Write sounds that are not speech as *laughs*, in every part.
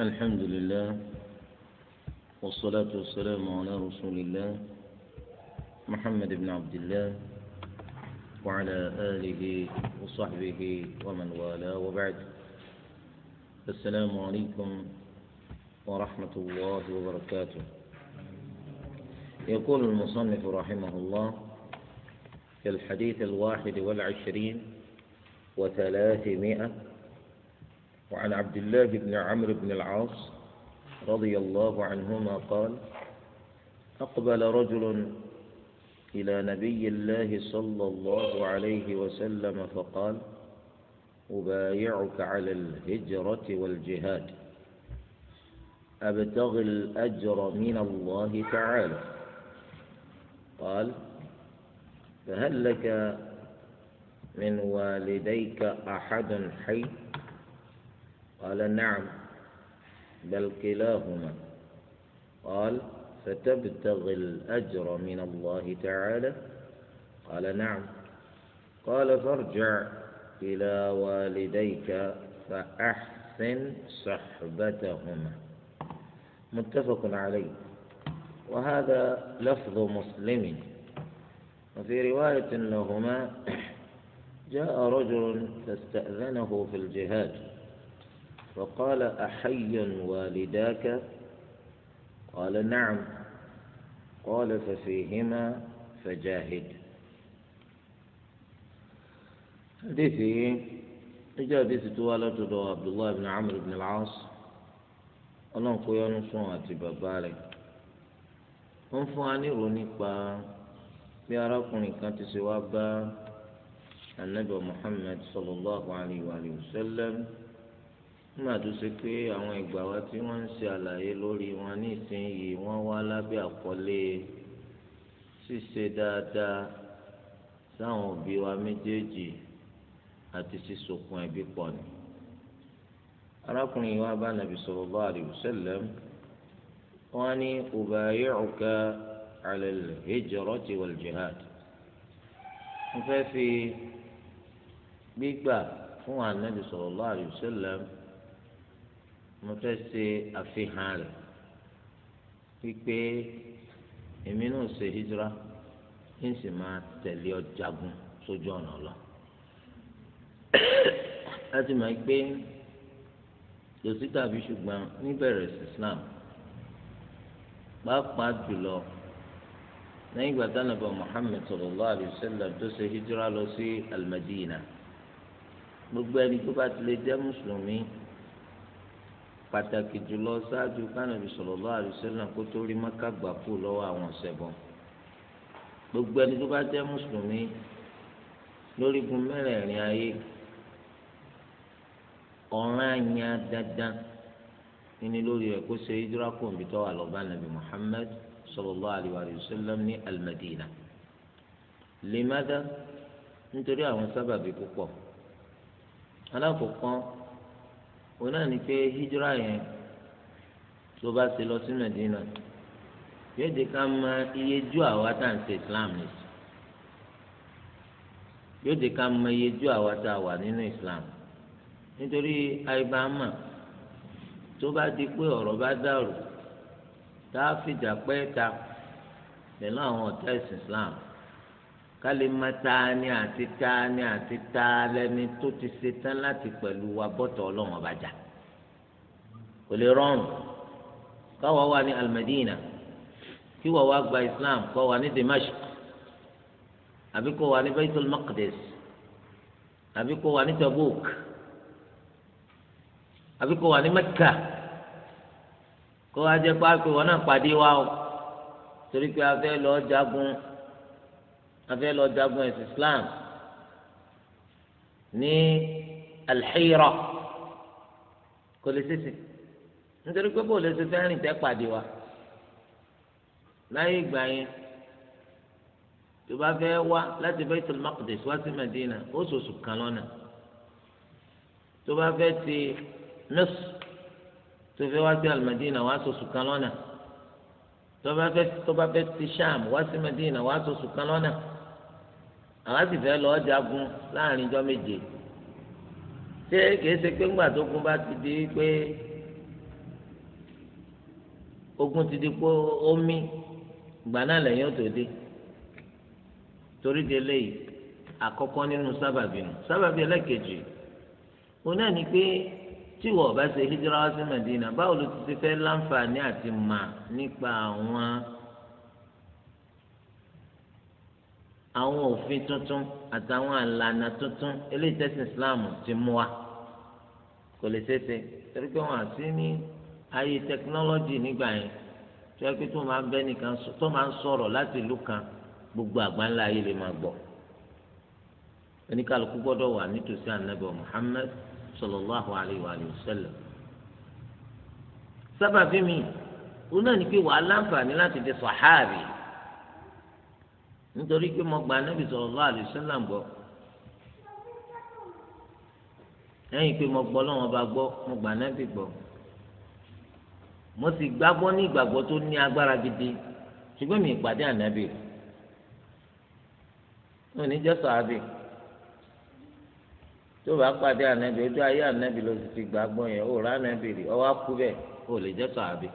الحمد لله والصلاة والسلام على رسول الله محمد بن عبد الله وعلى آله وصحبه ومن والاه وبعد السلام عليكم ورحمة الله وبركاته يقول المصنف رحمه الله في الحديث الواحد والعشرين وثلاثمائة وعن عبد الله بن عمرو بن العاص رضي الله عنهما قال أقبل رجل إلى نبي الله صلى الله عليه وسلم فقال أبايعك على الهجرة والجهاد أبتغي الأجر من الله تعالى قال فهل لك من والديك أحد حي قال نعم بل كلاهما قال فتبتغي الأجر من الله تعالى قال نعم قال فارجع إلى والديك فأحسن صحبتهما متفق عليه وهذا لفظ مسلم وفي رواية لهما جاء رجل فاستأذنه في الجهاد فقال احي والداك قال نعم قال ففيهما فجاهد حديثي اجا حديث توالة عبد الله بن عمرو بن العاص اللهم قويا نصواتي ببالي انفعني روني با بياراكوني كانت سوابا النبي محمد صلى الله عليه وآله وسلم nígbà tó ṣe pé àwọn ìgbà wa tí wọ́n ń ṣe àlàyé lórí wọn nísìnyìí wọ́n wá lábẹ́ àkọlé ṣíṣe dáadáa sáwọn òbí wa méjèèjì àti sísokùn ẹbí pọ̀ ni. arákùnrin wa bá nàbì sallallahu alaihi wasallam wọ́n ní ubayi'uka ala al-hijrati wal-jihad. wọ́n fẹ́ fi gbígbà fún ànábì sallallahu alaihi wasallam mo fẹ́ ṣe àfihàn rẹ̀ wípé èmi náà ṣe hijira ń sì máa tẹ̀lé ọjàgun sójú ọ̀nà lọ. láti máa gbé lòsí tàbí ṣùgbọ́n níbẹ̀rẹ̀ sí Islam pàápàá jùlọ lẹ́yìn ìgbà tí Ànábì Muhammad sallallahu alaihi tó ṣe hijira lọ sí al gbogbo ẹni tó bá ti lè jẹ́ mùsùlùmí pàtàkì jùlọ ṣáájú kánàbì sallallahu alaihi wasallam kó tó rí Mẹ́kà gbà kú lọ́wọ́ àwọn ọ̀sẹ̀bọ̀n gbogbo ẹni tó bá jẹ́ mùsùlùmí lórígun mẹ́rẹ̀ẹ̀rin ayé ọ̀ràn àyàn dandan nínú lórí rẹ̀ kó ṣe ìdúrà kòǹbì tó wà lọ́ba nàbì Muhammad sallallahu alaihi wasallam ní al-Madina nítorí àwọn sábàbí púpọ̀ alákòókò. òun náà ní pé hijira yẹn tó bá ṣe lọ sí Medina yóò di ká mọ iye ju àwa tá Islam ní yóò di ká mọ iye àwa a wà nínú Islam nítorí àìbámà tó bá di pé ọ̀rọ̀ bá dàrú tá a fìjà pẹ́ ta pẹ̀lú àwọn ọ̀tá Islam. kálí ma taani àti taani àti taalẹni tó ti ṣe tán láti pẹ̀lú wa bọ́tọ̀ ọlọ́run ọba jà kò lè rọrùn káwa wà ní alimadina kí wà wá gba islam kọ́ wà ní dimash àbí kọ́ wà ní baitul maqdis àbí kọ́ wà ní tabuk àbí kọ́ wà ní mẹ́kà kọ́ wá jẹ́ pé wọn náà pàdé wa o torí pé a fẹ́ lọ́ọ́ jagun afẹ́ lọ jagun ẹ̀sìn islam ní alḥírọ̀ kò lè sèse nítorí pé bó lè ṣe fẹ́ rìn tẹ́ pàdé wa láyé ìgbà yẹn tó bá fẹ́ wá láti Baitul Maqdis wá sí Madina ó sòsù kan lọ́nà tó bá fẹ́ ti nọ́ọ̀sì tó fẹ́ wá sí al wá sòsù kan lọ́nà tó bá fẹ́ ti Sham wá sí Madina wá sòsù kan lọ́nà. àwọn sì fẹ́ lọ jagun láàrin ijọ́ méje ṣé kìí ṣe pé ńgbà tó gun bá ti di pé ogun ti di pé ó mí ìgbà torí de léyìí àkọ́kọ́ nínú sábàbí nù sábàbí ẹlẹ́kejì òun náà ni pé tí wọ́n bá ṣe hijira sí báwo ló ti ṣe fẹ́ láǹfààní àti mà nípa àwọn. àwọn òfin tuntun àtàwọn àlànà tuntun eléyìí tẹ̀sìn Islam ti mú wa kò lè ṣeéṣe torí pé wọn àti ní ayé tẹkinọ́lọ́jì nígbà yẹn tó yẹ pé tó máa ń bẹ nìkan tó máa ń sọ̀rọ̀ láti ìlú kan gbogbo àgbáńlá ayé lè máa gbọ́ oníkàlùkù gbọ́dọ̀ wà nítòsí ànábì Muhammad sallallahu alayhi wa sallam sábàbí mi òun náà ní pé wàá láǹfààní láti di sàhábì nítorí pé mo gba anábì sallallahu alaihi wasallam gbọ́ lẹ́yìn pé mo gbọ́ lọ́wọ́ bá gbọ́ mo gba anábì gbọ́ mo sì gbàgbọ́ ní ìgbàgbọ́ tó ní agbára gidi ṣùgbọ́n mi ìpàdé ànábì rẹ̀ òní jẹ́ sàábì tó bá pàdé ànábì ojú ayé ànábì ló ti fi gbàgbọ́ yẹn ó rà ànábì rẹ̀ ọwọ́ á bẹ́ẹ̀ ó lè jẹ́ sàábì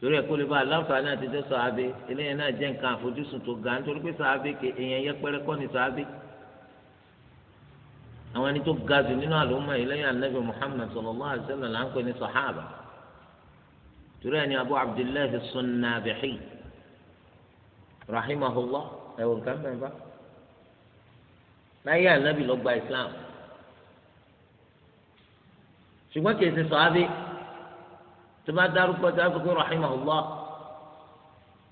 torí ẹ kó lè bá aláǹfààní àti jẹ sàábé eléyìí náà jẹ nǹkan àfojúsùn tó ga nítorí pé sàábé ke èèyàn yẹpẹrẹ kọ́ ni sàábé àwọn ẹni tó ga jù nínú àlùmọ́ yìí lẹ́yìn anabi muhammad sallallahu alayhi wa sallam là ń pè ní sàhábà torí ẹni abu abdullahi sunnabihi rahimahullah ẹ̀wọ̀n kan bẹ́ẹ̀ láyé anabi ló gba islam ṣùgbọ́n kì í ṣe sàábé tó bá dárúkọ tó sọ pé rahimahullah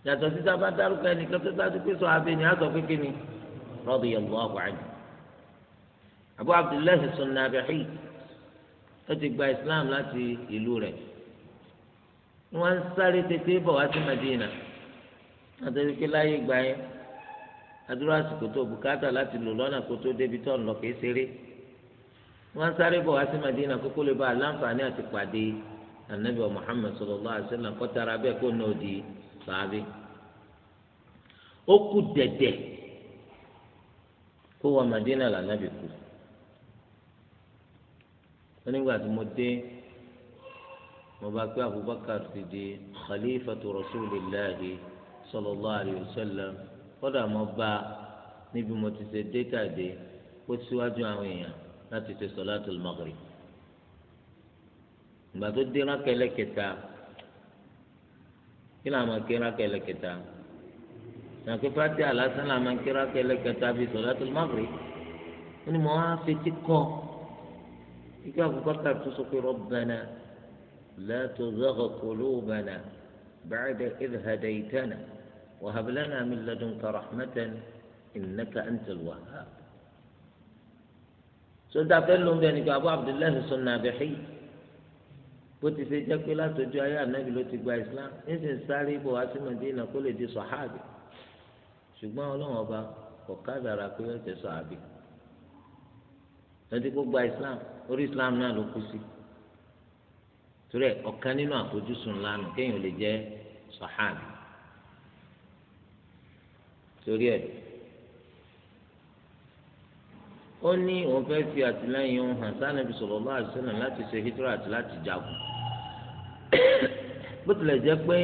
yàtọ̀ sí tó bá dárúkọ ẹnìkan tó sọ pé sọ abẹ ni a sọ pé kí ni radiyallahu anhu abu abdullahi sunnabihi ó ti gba islam láti ìlú rẹ̀ wọ́n ń sáré tètè bọ̀ wá sí madina àtẹ̀lé pé láyé gbà yẹn adúrà àsìkò tó bùkátà láti lò lọ́nà kó tó débi tó ń lọ kéé ṣeré wọ́n sáré bọ̀ wá sí madina kókó lè ba àlàǹfààní àti pàdé anabi wa muhammed sallallahu alaihi wa sallam kọ́ tara bẹ́ẹ̀ kó nà ó di sàábì ó kú dẹ̀dẹ̀ kó wọ madina lànàbì kú onígbà tí mo dé mo bá pé abubakar ti di khalifatu rasulillahi sallallahu alaihi wa sallam kódà mo bá níbi mo ti ṣe dé tàdé kó síwájú àwọn èèyàn láti ṣe sọlátul maghrib. ìgbà tó dé rákẹlẹ kẹta kí làwọn máa ké kẹlẹ kẹta nàkó fati alásán làwọn máa ké kẹlẹ kẹta bíi sọlátul maghrib ó ní mo á fetí kọ ikú àkùkọ́tà tó sọ pé rabbana la tuzigh qulubana ba'da idh hadaytana wa hab lana min ladunka rahmatan innaka antal wahhab. sọdá fẹ́ lóun bẹ́ẹ̀ ni kí abu abdullahi sọ nàbẹ́hìn. bó ti ṣe jẹ́ pé látọjú ayé ànábì ló ti gba islam nísìnyí sáré bò wá sí Mẹdínà kó lè di sọ̀háàbì ṣùgbọ́n ọlọ́run ọba kò kádàrà pé ó ti sọ̀háàbì lọ́tí kó gba islam orí islam náà ló kú sí torí ọ̀kan nínú àfojúsùn lánàá kéèyàn lè jẹ́ sọ̀háàbì torí ẹ̀ ó ní òun fẹ́ fi àtìlẹ́yìn òun hàn sànàbì sallallahu alaihi wasallam láti ṣe hídírà àti láti jagun. *coughs* bó tilẹ̀ jẹ́ pé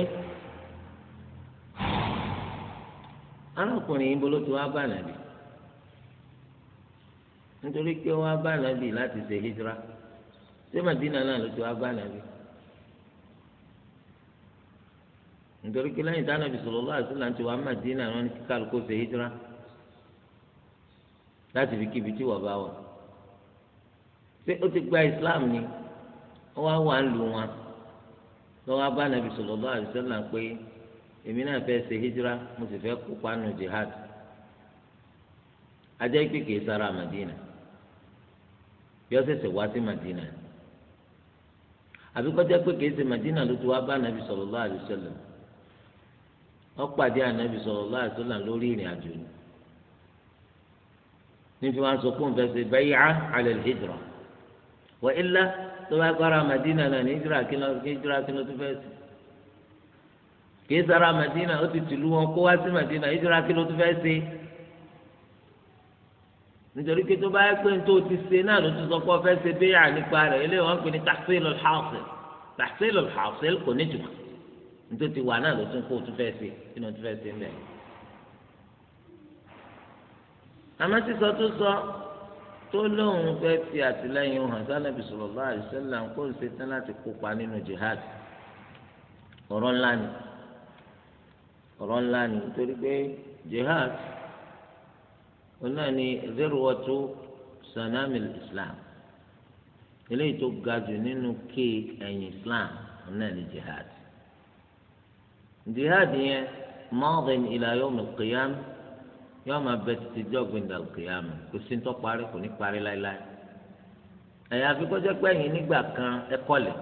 arákùnrin yìí bolo ti wá bá nàbì nítorí pé wá bá nàbì láti ṣe hijira ṣé màdínà náà ló ti wá bá nàbì nítorí pé lẹ́yìn táwọn nàbì sallallahu alaihi wasallam ti wá màdínà ní kíkà lóko lọ́wọ́ abá nàbì sallallahu alaihi wasallam pé èmi náà fẹ́ ṣe hijira mo sì fẹ́ kópa nù jihad kìí sára Madina bí ó ṣẹ̀ṣẹ̀ wá sí Madina àbí kọjá pé kìí ṣe Madina ló ti wá bá nàbì sallallahu alaihi wasallam ó pàdé ànàbì sallallahu alaihi lórí ni nífi wọn sọ ala wa tó bá gbára Madina náà ní ìdúrà kí sara Madina ó ti tìlú wọn kó wá sí Madina ìdúrà kí ló tó fẹ́ sí nítorí pé ti náà ló sọ pé ọfẹ́ ṣe béyà nípa rẹ̀ eléyìí wọ́n ń pè ní tahsilul hasil tahsilul hasil kò ní jùlọ nítorí ti wà náà ló tún kó tún fẹ́ kí ló tún fẹ́ sọ. tó lóun fẹ́ fi àtìlẹ́yìn hàn sálẹ̀bì sallallahu alaihi wasallam kó n ṣe tán láti kópa nínú jihad ọ̀rọ̀ ńlá ni ọ̀rọ̀ ńlá ni nítorí pé jihad ọ̀nà ni zirwatu sanamil islam eléyìí tó ga jù nínú ké ẹ̀yìn islam ọ̀nà ni jihad jihad yẹn madin ila yawm al yóò máa bẹ títí jọ gbẹndàl kìyàmù kò sí ń tọ́ parí kò ní parí láéláé ẹ̀yà àfikọ́jọ́ pé ẹ̀yin nígbà kan ẹ kọ́lẹ̀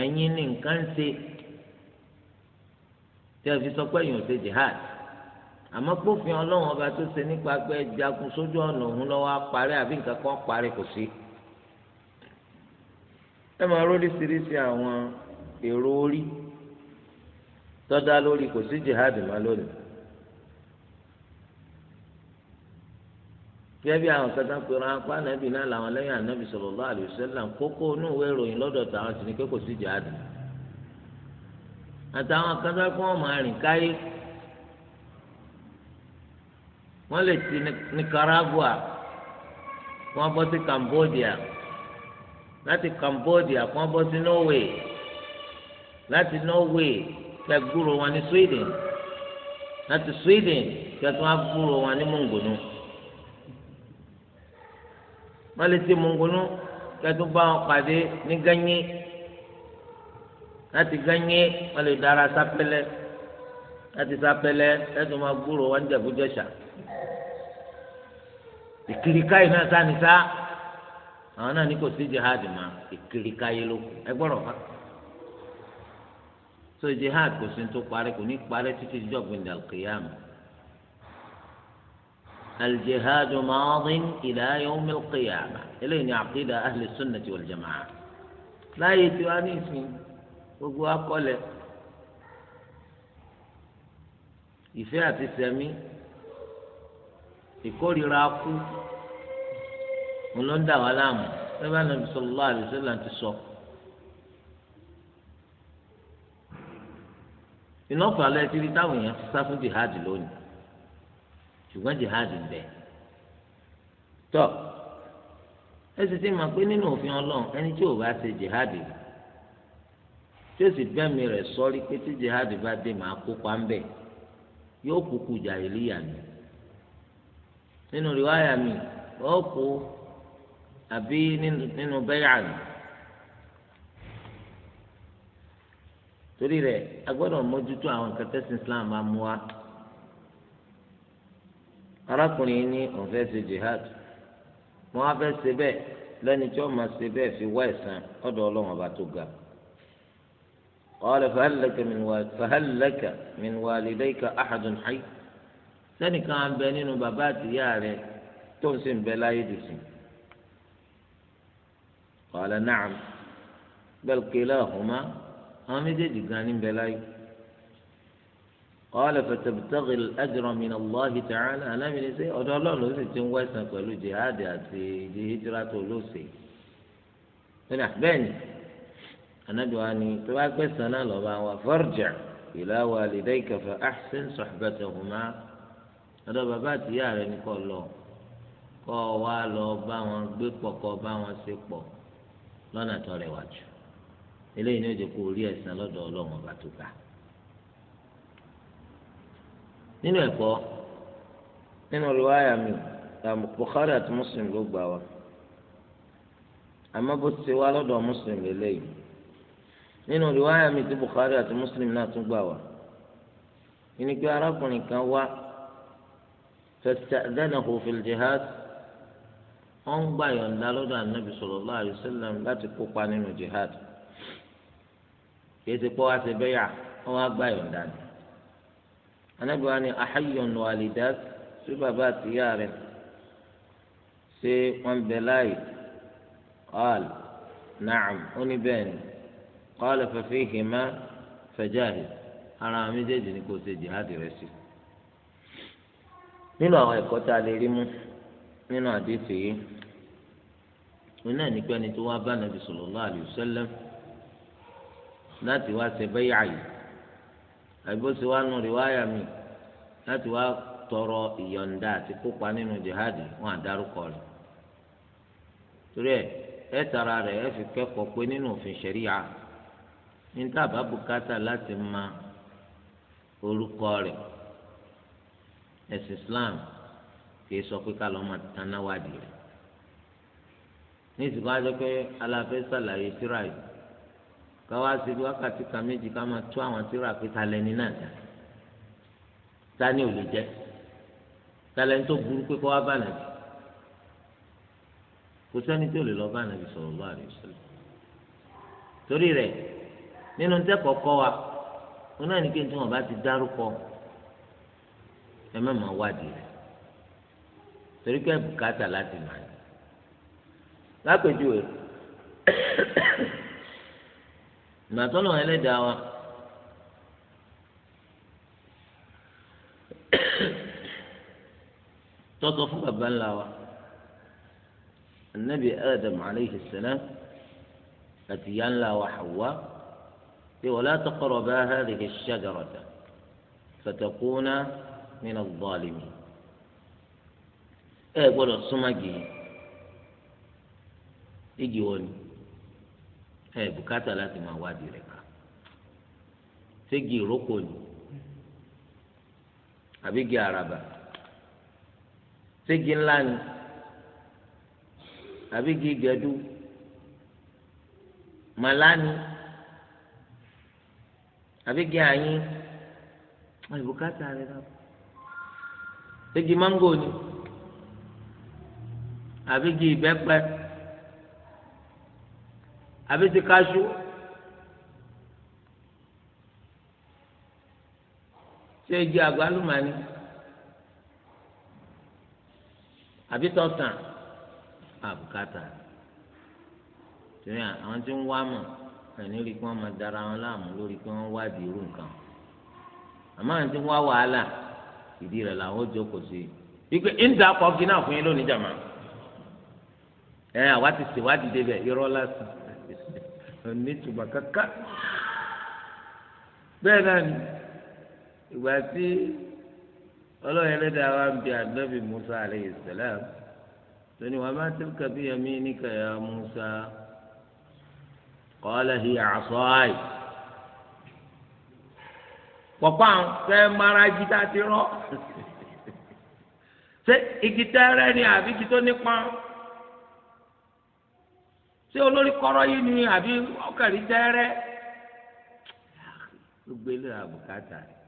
ẹ̀yin ní nǹkan ń ṣe tí a fi sọ pé ẹ̀yin ò ṣe jihad àmọ́ pófin ọlọ́run ọba tó ṣe nípa pé jagun sójú ọ̀nà òun lọ́wọ́ á parí àbí nǹkan kan parí kò sí. ẹ máa róríṣiríṣi àwọn èrò orí tọ́da lórí kò sí jihad má lónìí. gẹ́gẹ́ bí àwọn kẹta pé ránpá nàbì náà làwọn lẹ́yìn ànábì sallallahu alaihi wasallam kókó inú ìwé ìròyìn lọ́dọ̀ tàwọn sì ní pé kò sí jihad. àtàwọn kẹta pé wọ́n máa rìn káyé wọ́n lè ti Nicaragua wọ́n bọ́ sí Cambodia láti Cambodia wọ́n bọ́ sí Norway láti Norway kí a gbúrò wọn ní Sweden láti Sweden kí a tún á gbúrò wọn ní mọ̀ngònú wọ́n lè ti mọ̀ngònú kí a tún bá wọn pàdé ní gánye láti gánye wọ́n lè dára sápẹ́lẹ́ láti sápẹ́lẹ́ ẹ̀tún máa gbúrò wọn ní jẹ̀bújẹ̀ṣà ìkìríkà yìí náà sáni sá àwọn náà ní kò sí jihad mọ́ ìkìríkà yìí ló ẹgbọ́rọ̀ fáwọn so jihad kò sí tó parí kò ní parí títí díjọ́ gbẹ̀ndẹ̀ alqiyam aljihadu maadin ila yawm alqiyama eléyìí ni àkídà ahli sunnati wal jamaa láàyè tí wàá ní ìsìn gbogbo akọlẹ̀ ìfẹ́ àti sẹ́mi ìkórira kú ńlọ́ńdà wà láàmú sẹ́fà nàbì sallallahu alaihi wasallam ti sọ. iná falẹ̀ títí táwọn èèyàn ti sá fún jihad lónìí ṣùgbọ́n jihad ń bẹ tọ́ ẹ sì ti mọ̀ pé nínú òfin ọlọ́run ẹni tí ò bá ṣe jihad tí ó sì bẹ́mi rẹ̀ sọ́rí pé tí jihad bá dé màá kópa ń bẹ̀ yóò kúkú jàìlíyà mi nínú rìwáyà mi ó àbí nínú bẹ́yà mi. torí rẹ̀ a gbọ́dọ̀ àwọn nǹkan islam máa mú wa arákùnrin ní jihad mo wá fẹ́ ṣe bẹ́ẹ̀ fi wá ẹ̀san ọ̀dọ̀ ọlọ́run ọba tó ga qala fahal laka ahadun hayy á bẹ nínú bàbá àtìyá rẹ̀ tó ń sì ń bẹ láyé dùsùn qala na'am àwọn méjèèjì gan ní bẹ́ẹ̀ láyé. قال فتبتغي الأجر من الله تعالى أنا من سي ọ̀dọ̀ Ọlọ́run ló sì ti ń wẹ̀san pẹ̀lú jihad àti hijira tó lọ sí ina bẹ́ẹ̀ni Ànábì wa ni tó bá gbẹ̀san náà lọ bá wa farji' ila walidayka fa ahsin suhbatahuma ọ̀dọ̀ bàbá àti ìyá rẹ̀ ni kó lọ kó wá lọ bá wọn gbé pọ̀ kó bá wọn ṣe pọ̀ lọ́nà tó rẹwà jù eléyìí ni ó jẹ́ kó rí ẹ̀san lọ́dọ̀ Ọlọ́run ọba tó gbà nínú ẹ̀kọ́ nínú riwaya mi Bukhari àti Muslim ló gbà wá àmọ́ bó ti wá lọ́dọ̀ Muslim lélẹ́yìí nínú riwaya mi ti Bukhari àti Muslim náà tún gbà wá ìní pé arákùnrin kan wá fasta'dhanahu fil jihad gbà yọ̀ǹda lọ́dọ̀ Ànábì sallallahu alaihi wasallam láti kópa nínú jihad kìí ṣe pọ́ wá ṣe bẹ́yà wọ́n wá gbà yọ̀ǹda ni. anábì wa ni ahayyun walidat sí bàbá àtìyá rẹ̀ ṣé wọ́n bẹ láàyè qal na'am ó ní bẹ́ẹ̀ ni qal fa fihima fajahid ara méjèèjì ni kò ṣe jihadi rẹ̀ sí. nínú àwọn ẹ̀kọ́ tá a lè rí mú nínú àdéhùn yìí wọn náà ní pé tó wá bá nàbì sallallahu alaihi láti wá ṣe bẹ́yà yìí àbí wá nù rìwáyà mi láti wá tọrọ ìyọ̀ǹda àti kópa nínú jihadi wọn àdárúkọ rẹ̀ torí ẹ ẹ tara rẹ̀ ẹ fi kẹ́kọ̀ọ́ pé nínú òfin ṣẹ̀ríya ní láti ma orúkọ Islam kì sọ pé ká máa tanáwádìí rẹ̀ ní ìsìnkú káwá sí ibi wákàtí kan méjì ká máa tú àwọn tíra pé talẹ̀ ní náà dá tani ò lè jẹ́ talẹ̀ ń tó burú pé kó wá bá nàbì kò sẹ́ni tí ò lè lọ bá nàbì sallallahu alaihi wasallam torí rẹ̀ nínú tẹ́kọ̀ọ́ kọ́ wa wọn náà ní kí n tí wọn bá ti dárúkọ ẹ má máa wádìí rẹ̀ torí pé bùkátà láti máa ní lápèjúwe. ìmọ̀tọ́lọ̀ ẹlẹ́dàá wa tọ́tọ́ fún bàbá ńlá wa anabi adam aleyhi salam àti ya ńlá wa hawa ṣe wọ́n pé wala taqraba hadhihi ash-shajarata fatakuna min adh-dhalimin ẹ gbọ́dọ̀ súnmọ́ gèè igi wọ́n ni. ẹ bùkátà láti máa wádìí rẹ̀ kà ségi ìrókò ni àbígi àràbà ségi ńlá ni àbígi gẹdú màláni àbígi àyín àbùkátà rẹ̀ kà ségi mángò ni àbígi ìbẹ́pẹ àbí ti káṣú ṣé igi àgbálùmọ̀ ni àbí tọ̀tàn àbùkátà torí àwọn tí ń wá mọ̀ ẹni rí kí wọ́n máa dara wọn láàmú lórí kí wọ́n wádìí irú nǹkan àmọ́ àwọn tí ń wá wàhálà ìdí rẹ̀ làwọn ó jókòó sí i wípé ìdá kọfí náà fún yín lónìí jàmá ẹ àwa ti ṣèwádìí débẹ̀ irọ́ lásán onítùbà kankan bẹ́ẹ̀ náà ni ìgbà tí ọlọ́run ẹlẹ́dàá wa ń bi ànábì musa alayhi salam tóní wa ma tilka bi yaminika ya musa qala hiya asaya pọ̀pọ̀ àwọn fẹ́ mara jí tá a ti rọ́ *laughs* ṣé igi tẹ́rẹ́ ni àbí igi tó nípa ṣé olórí kọ́rọ́ yìí ni àbí ọkàrí dẹ́rẹ́ gbogbo ilé àbùkátà rẹ̀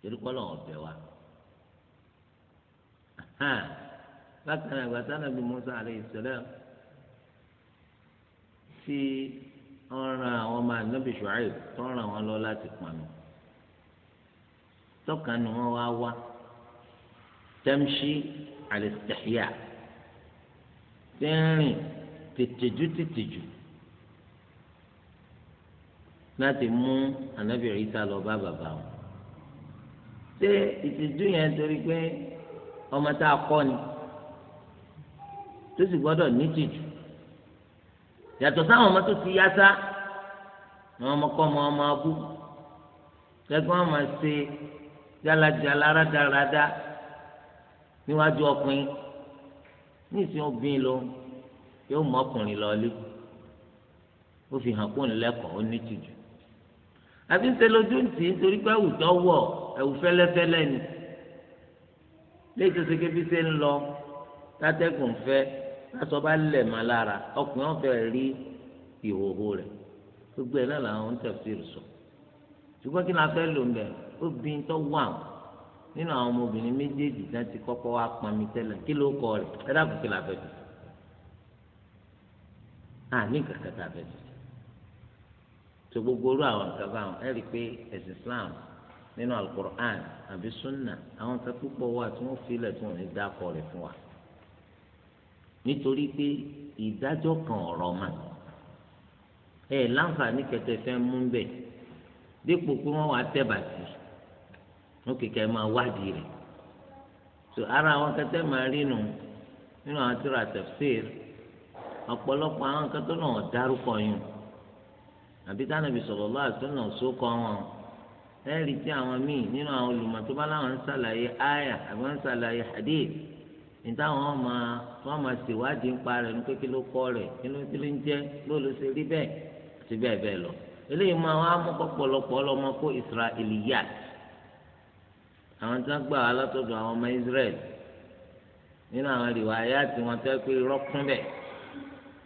torí kọ́ lọ́wọ́ bẹ̀ wá bákan náà ìgbà sáà nàbí Musa alayhi salam tí wọ́n ran àwọn ọmọ ànábì Shu'aib tó wọn lọ láti pọnmi tọ́kàn ni wọ́n wá wá tamshi al-istihya tí tètèjú tètèjú láti mú ànábì Ìsá lọ bá bàbá wọn ṣé ìtìjú yẹn torí pé ọmọ tá a kọ́ ni tó sì gbọ́dọ̀ nítìjú yàtọ̀ sáwọn ọmọ tó ti yá sá àwọn ọmọkọ́ ọmọ ọmọ abú lẹ́gbọ́n ọmọ ṣe jalajala rádaràda níwájú ọkùnrin ní ìsìn obìnrin lòun yóò mọkùnrin lọlé ó fi hàn kóun lẹ́kọ̀ọ́ ó ní tìjú àbí ń ṣe lójú ń tì í torí pé àwùjọ wọ ẹ̀wù fẹ́lẹ́fẹ́lẹ́ ni lé kékeré bí ṣe ń lọ tátẹ́gùn fẹ́ aṣọ bá lẹ̀ má lára ọkùnrin ọ̀fẹ́ rí ìhòòhò rẹ̀ gbogbo ẹ̀ náà làwọn ń tẹ̀síìrì sọ ṣùgbọ́n kí ni a fẹ́ lò ń bẹ̀ obìnrin tó wà nínú àwọn ọmọbìnrin méjèèjì náà ti kọ́kọ́ wá pọnmi tẹ́lẹ̀ kí ló kọ rẹ̀ ẹ dákun kí la fẹ́ dùn àní kankan tá a fẹ́ ṣe tó gbogbo orú àwọn nǹkan bá wọn ẹ rí i pé ẹ̀sìn Islam nínú alukur'an àbí sunna àwọn nǹkan púpọ̀ wà tí wọ́n filẹ̀ tí wọ́n ní dákọ̀ rẹ̀ fún wa nítorí pé ìdájọ́ kan ọ̀rọ̀ mà ẹ láǹfààní kẹtẹ fẹ́ mú bẹ̀ dípò pé wọ́n wàá tẹ̀ bàtì wọ́n kékeré máa wádìí rẹ̀ tó ara àwọn kẹtẹ máa rí nù nínú àwọn tíra tafsir ọ̀pọ̀lọpọ̀ àwọn nǹkan tó náà dárúkọ yìí àbí tánàbì sallallahu alaihi wasallam sókọ wọn ẹ̀rí tí àwọn míì nínú àwọn olùmọ̀ tó bá láwọn ń ṣàlàyé àyà àbí wọ́n ń ṣàlàyé hadith ní táwọn máa wọ́n máa ṣèwádìí ń pa rẹ̀ ní pé kí ló kọ́ rẹ̀ kí ló kí ló ń jẹ́ ló ló ṣe rí bẹ́ẹ̀ àti bẹ́ẹ̀ bẹ́ẹ̀ lọ eléyìí máa wá mú pọ̀pọ̀lọpọ̀ ọlọ́mọ kó Israiliyat àwọn tí wọ́n gbà wá látọ̀dọ̀ àwọn ọmọ Israel nínú àwọn ìwà ayé àti wọn tẹ́ pé irọ́ kún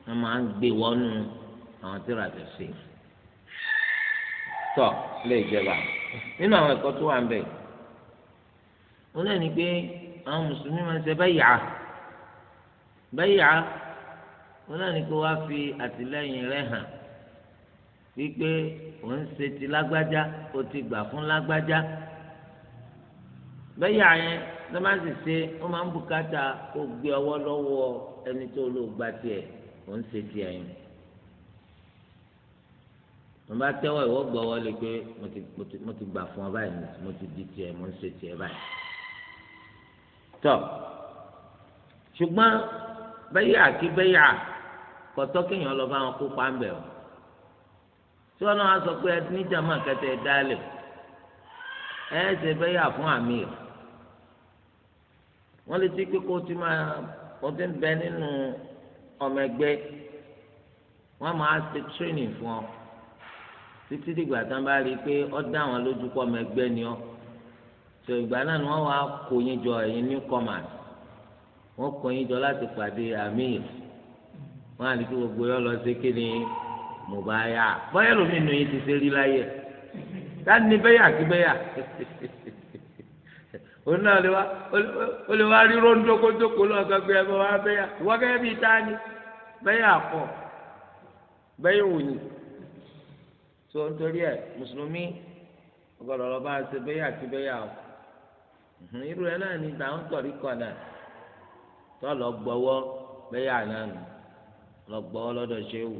wọn máa ń gbé wọnú àwọn tíra tó ṣe tọ lè jẹba nínú àwọn ẹ̀kọ́ tó wà ń bẹ wọn náà pé àwọn mùsùlùmí máa ń ṣe báyà báyà wọn náà pé wọn á fi àtìlẹ́yìn rẹ̀ hàn wípé ò ń ṣe ti lágbájá o ti gbà fún lágbájá bẹ́yà yẹn ló máa ń sì ṣe ó máa ń bùkátà kó gbé ọwọ́ lọ́wọ́ ẹni tó lò gba tiẹ̀ ò ń ṣe tiẹ̀ yìí mo bá tẹ́wọ́ ìwọ gbọ́wọ́ lé pé mo ti gbà fún ọ báyìí mo ti di tiẹ̀ mo ń ṣe tiẹ̀ báyìí tọ́ ṣùgbọ́n bẹ́yà kí bẹ́yà kọ́tọ́ kéèyàn lọ bá wọn kó pàmbẹ́ o tí wọn náà sọ pé ní jama kẹtẹ ẹ dálẹ ẹ ṣe bẹ́yà fún àmì rẹ wọ́n lè ti pé kó o ti máa kó o ti bẹ nínú ọmọ ẹgbẹ́ wọ́n máa ṣe training fún ọ títí dìgbà tí wọ́n bá rí i pé ọ dá wọn lójú pọ̀ ọmọ ẹgbẹ́ ni ọ tó ìgbà náà ni wọ́n wá kó yín jọ ẹ̀yin new command wọ́n kó yín jọ láti pàdé amir wọ́n á rí i pé gbogbo yọ lọ sí kí ni mo bá yà bọ́yẹ̀ lómi nù yín ti ṣe rí láyé ẹ̀ bẹ́yà kí bẹ́yà *laughs* òun náà lè wá ó lè wá rondo kótókó lọ gbẹgbẹ ẹ bá wá bẹyà ìwọ gẹ́gẹ́ bíi tani bẹyà pọ bẹyà òyìn tó nítorí ẹ mùsùlùmí ọgọdọ lọ bá ṣe bẹyà kí bẹyà o irú ẹ náà ní tàwọn tọrí kọ tó lọ gbọ́wọ́ bẹyà náà nù lọ gbọ́wọ́ lọ́dọ̀ ṣéwù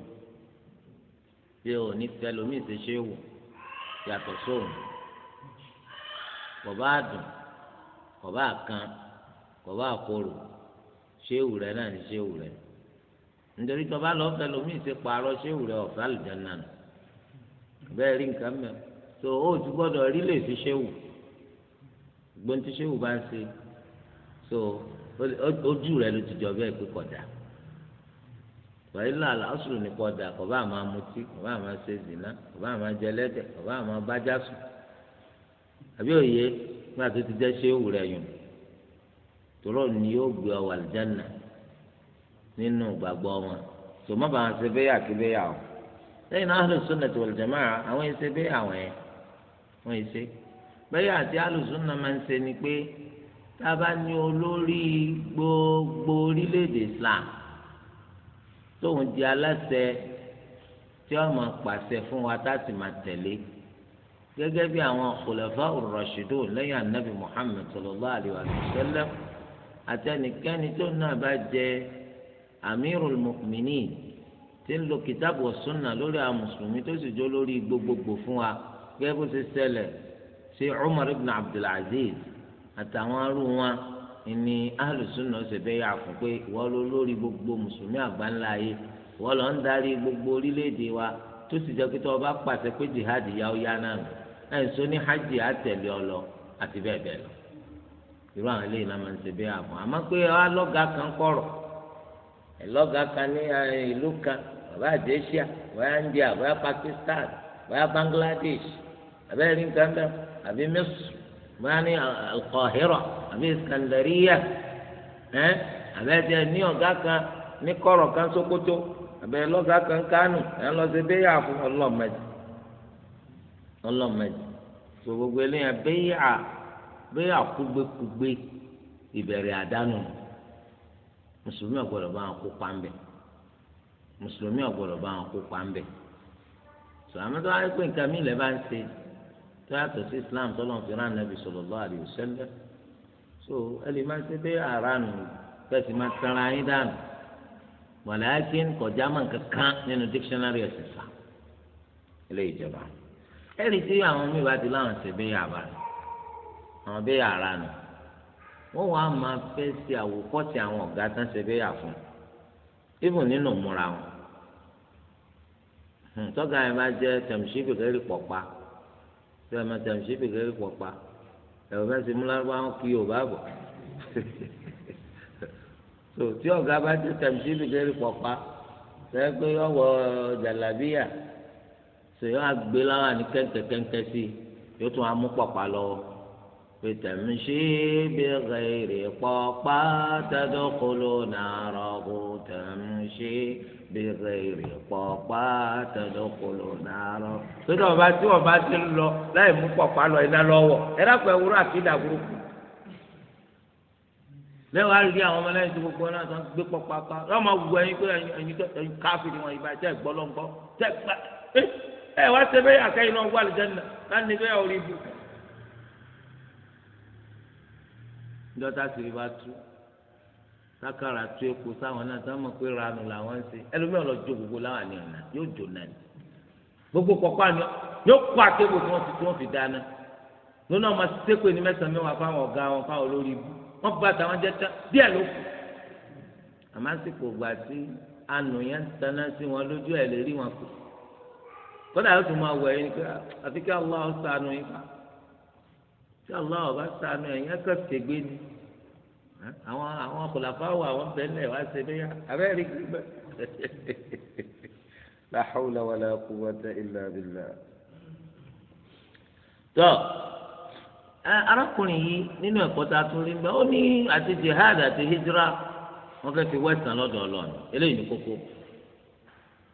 bí o ní fẹ́ lómi ṣéwù yàtọ̀ sóhùn bọba àdùn kọba àkan kọba àkorò ṣéwù rẹ náà ní ṣéwù rẹ nítorí tó bá lọ fẹ́ lómi ìṣe pààrọ̀ ṣéwù rẹ ọfẹ àlùjáná nù bẹ́ẹ̀ rí nǹkan mẹ tó o ti gbọ́dọ̀ rí lè fi ṣéwù gbóntí ṣéwù bá ń ṣe so ojú rẹ ló ti jọ bẹ́ẹ̀ pé kódà wàhálà aláṣùrù ní kódà kọba àmà mutí kọba àmà ṣe zìnnà kọba àmà jẹlẹdẹ kọba àmà bájásù àbí òye nígbà tó ti jẹ́ ṣéwù rẹ̀ yùn tòrọ ni yóò gbé ọ wà lìjánà nínú gbàgbọ́ wọn tó má bàa ṣe bẹ́yà kí bẹ́yà o lẹ́yìn náà ahlus sunnah wal jamaa àwọn ẹ̀ṣẹ́ bẹ́yà wọ̀n yẹn wọ́n ẹ̀ṣẹ́ bẹ́yà àti ahlus sunnah máa ń ṣe ni pé tá ní olórí gbogbo orílẹ̀-èdè Islam tóun di aláṣẹ tí wọ́n máa pàṣẹ fún wa tá a sì máa tẹ̀lé gẹ́gẹ́ bí àwọn khulafa ar-rashidun lẹ́yìn anabi muhammed sallallahu alayhi wa sallam àti ẹnikẹ́ni tó náà bá jẹ amirul mu'minin tí ń lo kìtàbù sunna lórí àwọn mùsùlùmí tó sì jó lórí gbogbogbò fún wa gẹ́gẹ́ bó ṣe ṣẹlẹ̀ sí umar ibn abdul aziz àtàwọn arú wọn ni ahlùsùnà ṣe bẹ́ẹ̀ yà fún pé ìwọ ló lórí gbogbo mùsùlùmí àgbáńlá ayé ìwọ ló ń darí gbogbo orílẹ̀ wa tó sì jẹ́ pé tó o bá pàṣẹ pé jihad yà ó yá náà nù àìsàn ní hajj àtẹ̀lé ọlọ àti bẹ́ẹ̀ bẹ́ẹ̀ lọ irú àwọn eléyìí náà máa ń ṣe bẹ́ẹ̀ àmọ́ àmọ́ pé alọ́gà kan kọ̀rọ̀ ẹlọ́gà kan ní ìlú kan bàbá àdéṣíà bàbá India bàbá Pakistan bàbá Bangladesh abẹ́rẹ́ nǹkan bẹ́ẹ̀ àbí Misr bàbá ní Al-Qahira àbí Iskandariya ẹ́ abẹ́rẹ́ ní ọ̀gá kan ní kọ̀rọ̀ kan Sokoto abẹ́rẹ́ lọ́gà kan Kánò ẹ̀ lọ́sẹ̀ bẹ́ẹ̀ yà fún ọlọ́mọdé ọlọ́mọdé gbogbo eléyàn béyà béyà kúgbékúgbé ìbẹ̀rẹ̀ àdánù mùsùlùmí ọ̀gbọ́dọ̀ bá wọn kópa ń bẹ̀ mùsùlùmí ọ̀gbọ́dọ̀ bá wọn kópa ń bẹ̀ sọ̀rọ̀ tó wáyé pé nǹkan mìíràn bá ń ṣe tó yàtọ̀ sí Islam tó lọ́n fi rán nàbì sallallahu alaihi wasallam so ẹ lè má ṣe béyà àránù bẹ́ẹ̀ máa tẹ̀ra yín dànù wàlàyé kí kọjá mọ̀ nǹkan kan nínú dictionary ẹ̀sìn sá ilé ìjọba ẹ̀rí tí àwọn míì bá ti láwọn ṣe bí yàrá àwọn bí yàrá nù wọ́n wàá máa fẹ́ ṣe àwòkọ́ṣe àwọn ọ̀gá tán ṣe bí yà fún ibùn nínú múra wọn hmm, tọ́gà yẹn bá jẹ́ tẹ̀mùsíbì kẹ́rì pọ̀pá a máa tẹ̀mùsíbì kẹ́rì pọ̀pá ẹ̀rọ bá ti mú lárúbá wọn kí yorùbá bọ̀ *laughs* tí ọ̀gá bá jẹ́ tẹ̀mùsíbì kẹ́rì pọ̀pá tẹ́lẹ̀ pé ọwọ́ jàlábíyà ṣe yọ àgbé láwọn ní kẹ̀kẹ́ kẹ̀kẹ́ sí yóò tún amú pọ̀pá lọ́wọ́ pètèmísì bèrè rè pọ̀pá tẹ́dọ́kọlọ́ nàárọ̀ kò tẹ̀mísì bèrè rè pọ̀pá tẹ́dọ́kọlọ́ nàárọ̀. sódà ọba tí wọn bá ti ń lọ láì mú pọ̀pá lọ iná lọ́wọ́ ẹ dákun ewúrọ àti ìdàgbòrúkú lẹ́wọ̀n á rí àwọn ọmọlẹ́yìn tó gbogbo náà tán gbé pọ̀pá pa lọ́mọ wù ẹyin pé ẹyin káfíìn wọn ìbá tẹ́ gbọ́ lọ́ngbọ́ gbà ẹ wá ṣe bẹ́ẹ̀ àkẹ́yìn náà wà lìjẹ́nà láti ní bẹ́ẹ̀ orí ibu. dọ́tà sèré bá tú sákàrà tú epo sáwọn náà sáwọn mọ̀ pé ranù làwọn ń ṣe ẹlòmíràn lọ jó gbogbo láwọn àníyàn náà yóò jó náà ni gbogbo kọ̀ọ̀kan àná yóò kọ́ àtẹ́gbò tí wọ́n ti tí wọ́n fi dáná lónà ọmọ sẹ́kù ní mẹ́sàn-án mẹ́wàá fáwọn ọ̀gá wọn fáwọn olórí ibu wọ́n bá tàwọn jẹ́ tán díẹ̀ ló kù àmásìkò gbà tí anù yẹn ń taná sí wọn lójú ẹ̀ lè rí wọn kù. kódà yóò tún máa wọ ẹyin pé àfi kí Allah ṣàánú yín ká Allah ọba ẹyin ni àwọn àwọn kòlàfà wà wọn bẹ nílẹ wá ṣe abẹ́rẹ́ kí bẹ. la hawla wala quwwata illa billah. tọ́ arákùnrin jihad àti hijra wọ́n fi wẹ́sàn lọ́dọ̀ ọlọ́run eléyìí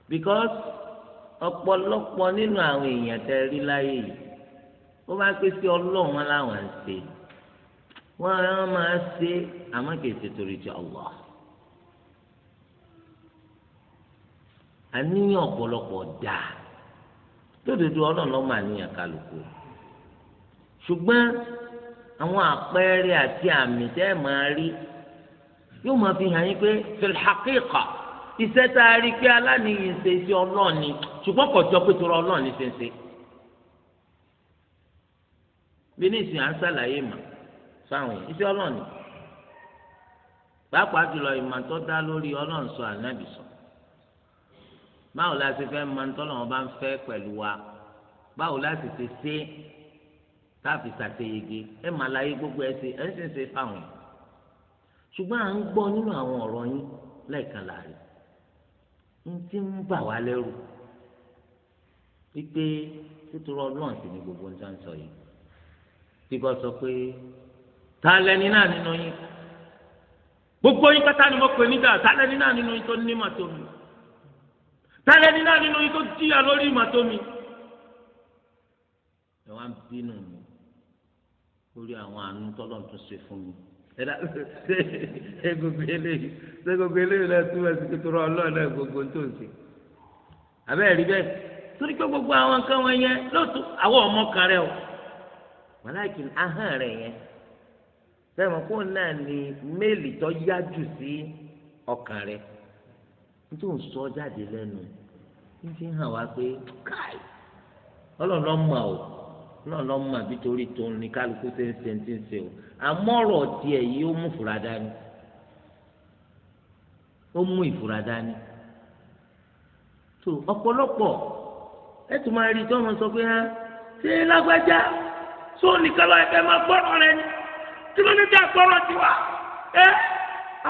ní kókó ọ̀pọ̀lọpọ̀ nínú àwọn èèyàn tẹ rí láyé yìí ó bá ké sí ọlọ́run wọn ń ṣe wọn àwọn máa ṣe àmọ́ kì ṣe torí ti Allah àníyàn ọ̀pọ̀lọpọ̀ dáa lódodo ọlọ́run ló máa níyàn kálukú ṣùgbọ́n àwọn àpẹẹrẹ àti àmì tẹ́ ẹ máa rí yóò máa fi hàn yín pé fil iṣẹ́ tá a rí pé aláníyìn ṣe iṣẹ́ ọlọ́ọ̀ni ṣùgbọ́n kò jọ pé tó rọ ọlọ́ọ̀ni ṣe ń ṣe. bí ní ìsìn à ń ṣàlàyé mà fáwọn yìí iṣẹ́ ọlọ́ọ̀ni pàápàá jùlọ ìmọ̀ tó dá lórí ọlọ́ọ̀n sọ ànábì sọ. báwo la ṣe fẹ́ mọ tọ́lọ̀ wọn bá ń fẹ́ pẹ̀lú wa báwo la ṣe ṣe ṣe káàfi ṣàṣeyege ẹ̀ mà láyé gbogbo ẹ̀ ṣe ẹ̀ ń ṣe fáwọn yìí ṣùgbọ́n à ń gbọ́ nínú àwọn ọ̀rọ̀ yín lẹ́ẹ̀kan láàrin ń ti ń bà wá lẹ́rù wípé títorí ọlọ́run sì ni gbogbo nǹkan sọ yìí bí kò sọ pé ta lẹni náà nínú yín gbogbo yín pátá ni mo pè nígbà ta lẹni náà nínú yín tó ní màtó mi ta lẹni náà nínú yín tó jìyà lórí màtó ẹ wá ń bínú mi lórí àwọn àánú tọ́lọ́ tún ṣe fún mi ẹ̀dá ṣe gbogbo eléyìí ṣe gbogbo eléyìí lọ túmọ̀ sí pé tọrọ ọlọ́ọ̀lọ́ gbogbo tó ń sè abẹ́ẹ̀ rí bẹ́ẹ̀ torí pé gbogbo àwọn nǹkan wọn yẹn lóòótọ́ àwọn ọmọ kan rẹ o màláìkì ahọ́n rẹ yẹn sẹ́wọ̀n kó náà ni méèlì tó yá jù sí ọkàn rẹ nítorí òun sọ jáde lẹ́nu ń fi hàn wá pé káì ọlọ́ọ̀lọ́ mọ̀ ọ́ ọlọ́ọ̀lọ́ mọ̀ bí torí tòun ní kálukú ṣe ń ṣe ń ṣe ń ṣe o. àmọ́rọ̀ tiẹ̀ yìí ó mú fura dání ó mú ìfura dání tó ọ̀pọ̀lọpọ̀ ẹ tún máa rí i tó wọn sọ pé hàn ṣé lágbájá tó nìkan lọ ẹgbẹ́ máa gbọ́rọ̀ rẹ ni kí ló ní gbọ́rọ̀ tiwa ẹ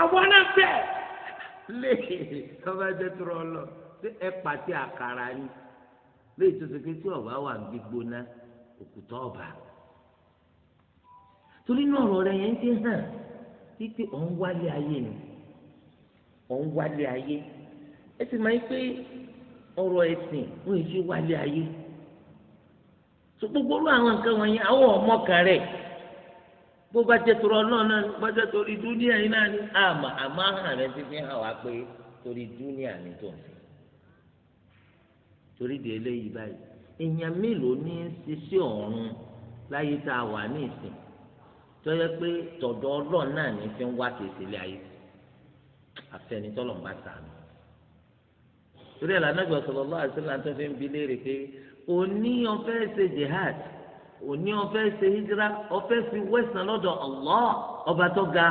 àwọn náà fẹ́ léèrè lọ́ba jẹ́ tó rọ lọ ni tó ṣe ọba wà gbígbóná ọba. torí náà ọ̀rọ̀ rẹ yẹn ti hàn títí ọ̀ ń wálé ayé ni ọ̀ ń wálé ayé ẹ sì máa ń pé ọ̀rọ̀ ẹ̀sìn ń wálé ayé gbogbo orú àwọn nǹkan wọ̀nyí rẹ̀ bó bá jẹ́ náà jẹ́ torí dúníà náà ni àmà àmà hàn rẹ ti fi hàn wá pé torí dúníà ni tó ń fi torí di eléyìí báyìí èèyàn mélòó ní tọ́yẹ pé tọ̀dọ̀ ọlọ́run náà ní fi ń wá kèsì ilé ayé àfẹ́ni tọ́lọ̀ ń bá sàánù. torí ẹ̀ lànà ìgbà sọ̀rọ̀ lọ́wọ́ àti láńtọ́ fi ń bi léèrè pé òní ọ̀fẹ́ ṣe jihad òní ọ̀fẹ́ ṣe hijira ọ̀fẹ́ fi wẹ̀sán lọ́dọ̀ Allah ọba tó ga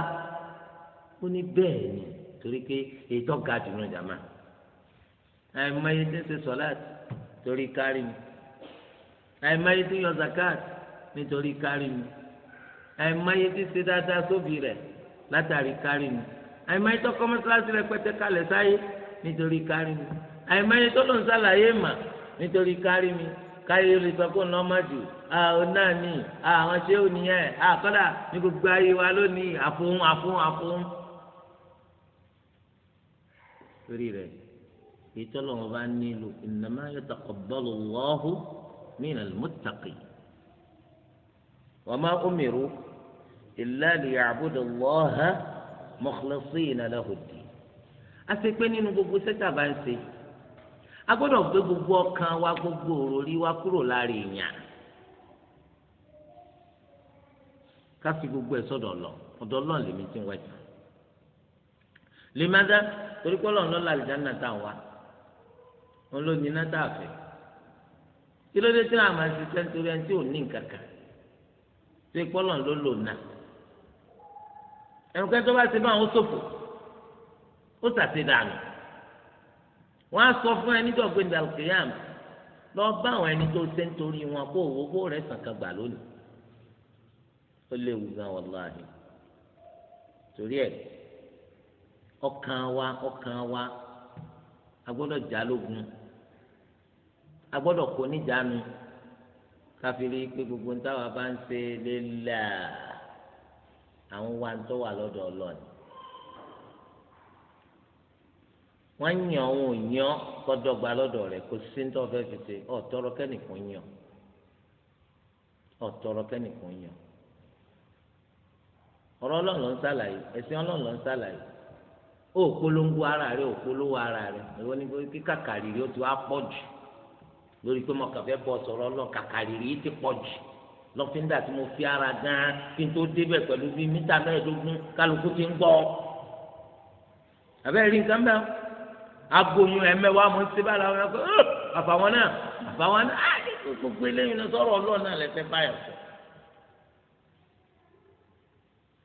ó ní bẹ́ẹ̀ ni torí pé ètò ga jù náà jàmá àìmọye tí ń ṣe sọ̀láàt torí kárí mi àìmọye tí ń yọ zakat nítorí kárí mi àìmọye ti ṣe dáadáa sóbì rẹ̀ látàrí kárí ni àìmọye tó kọ́ mọ́sálásí rẹ̀ pẹ́tẹ́ kalẹ̀ sáyé nítorí kárí ni àìmọye tó lòún sàlàyé mà nítorí kárí mi káyé lè sọ pé ọ̀nà ọmọ jù àwọn náà ní àwọn ṣé ò nìyẹn àkọ́dà ní gbogbo ayé wa lónìí àfún àfún àfún. torí rẹ̀ ètò ọlọ́run bá nílò innama yataqabbalu Allahu minal muttaqin wa ma umiru. إلا ليعبد الله مخلصين له الدين àti pé nínú gbogbo sẹ́tà bá ń ṣe a gbé gbogbo ọkàn wa gbogbo orori wa kúrò lára èèyàn ká fi gbogbo ẹ̀ sọ́dọ̀ lọ ọ̀dọ̀ lọ́n lèmi ti ń wẹ̀tà lè má dá torí pé ọlọ́run lọ́la àlìjáná tá a wá wọn ló ní iná tá a ẹnu kẹ́tọ́ bá ti bá àwọn sòfò ó sàṣe dànù wọ́n á sọ fún ẹni tó gbé dàlùkìyàm lọ bá àwọn ẹni tó ṣe ń torí wọn kó owó kó rẹ̀ sàn kan gbà lónìí ó léwu gan wàláhì torí ẹ ọkàn wa ọkàn wa a gbọ́dọ̀ jà lógun a gbọ́dọ̀ kó níjànú káfíńrí pé gbogbo ń táwa bá ń ṣe lélẹ́à àwọn wa ń tọ́ wà lọ́dọ̀ ọlọ́ọ̀ni wọ́n yàn òun ò yàn kọ́dọ̀gba lọ́dọ̀ rẹ̀ kó sí ń tọ́ fẹ́ fi ṣe ọ̀tọ́rọ kẹ́nìkan yàn ọ̀tọ́rọ kẹ́nìkan yàn ọ̀rọ̀ ọlọ́run ló ń ṣàlàyé ẹ̀sìn ọlọ́run ló ń ṣàlàyé ó polongo ara rẹ̀ ó polówó ara rẹ̀ ìwọ ni kí kàkàrìrì ó ti wá pọ̀ jù lórí pé mo kàn bọ́ sọ̀rọ̀ ọlọ́run kàkàrìrì ti pọ̀ jù lọ́fíńdà tí mo fi ara gan kí n tó débẹ̀ pẹ̀lú bíi mítà mẹ́ẹ̀ẹ́dógún kálukú ti ń gbọ́ àbẹ́rẹ́ rí nǹkan bẹ́ẹ̀ agboyún ẹ̀mẹ́wàá mo ń ṣe báyìí làwọn ẹ̀kọ́ àfàwọn náà àfàwọn náà gbogbo eléyìí náà sọ̀rọ̀ ọlọ́ọ̀ náà lẹ́sẹ̀ báyọ̀ sọ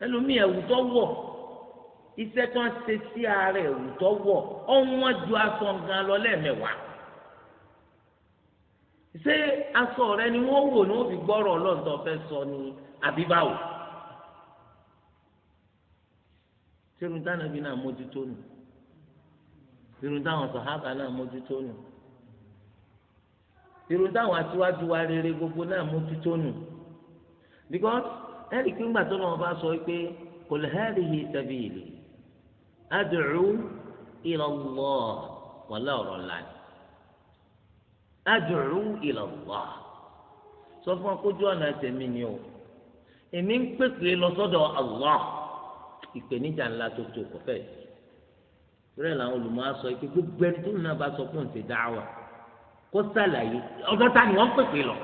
ẹlòmíì ẹ̀wùtọ́ wọ̀ iṣẹ́ tó ń ṣe sí ara ẹ̀wùtọ́ wọ̀ ọ̀wọ́n ṣé aṣọ rẹ ni wọn wò ni wọ́n fi gbọ́rọ̀ ọlọ́ọ̀tọ̀ sọ ni àbí báwo tẹnu táwọn ẹbí náà mójútó nù tẹnu táwọn sọ̀hábà náà mójútó nù tẹnu táwọn aṣíwájú wa rere gbogbo náà mójútó nù because ẹ̀rí kí ńgbà tó lọ́wọ́ bá sọ pé qul hadhihi sabili ad'u ila Allah wala ọ̀rọ̀ ad'u ila Allah sọ fún akójú ọ̀nà tèmi ni o èmi ń pèpè lọ sọ́dọ̀ Allah ìpèníjà ńlá tó tó kọ fẹ́ rẹ làwọn olùmọ̀ á sọ pé gbogbo ẹni tó nà bá sọ fún ti da'wa kó sàlàyé ọ̀dọ̀ ta ni wọ́n pèpè lọ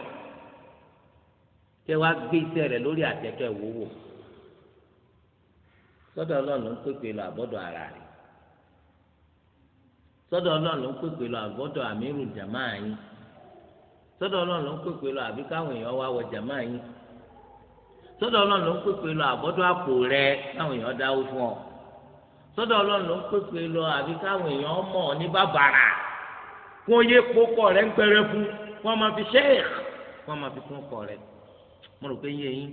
kẹ wá gbé iṣẹ́ rẹ lórí àtẹkẹ wòwò sọ́dọ̀ Ọlọ́run ń pèpè lọ àbọ̀dọ̀ ara rẹ sọ́dọ̀ Ọlọ́run ló ń pèpè lọ àgọdọ àmírù jàmáà yín sọ́dọ̀ Ọlọ́run ló ń pèpè lọ àbí káwọn èèyàn wá wọ jàmáà yín sọ́dọ̀ Ọlọ́run ló ń pèpè lọ àbọdọ àpò rẹ káwọn èèyàn dáwó fún ọ sọ́dọ̀ Ọlọ́run ló ń pèpè lọ àbí káwọn èèyàn mọ̀ ní bàbàrà kó yé kókọ rẹ ń pẹrẹ fún kó máa fi ṣe é kó máa fi kún ọkọ rẹ mo rò pé yé yín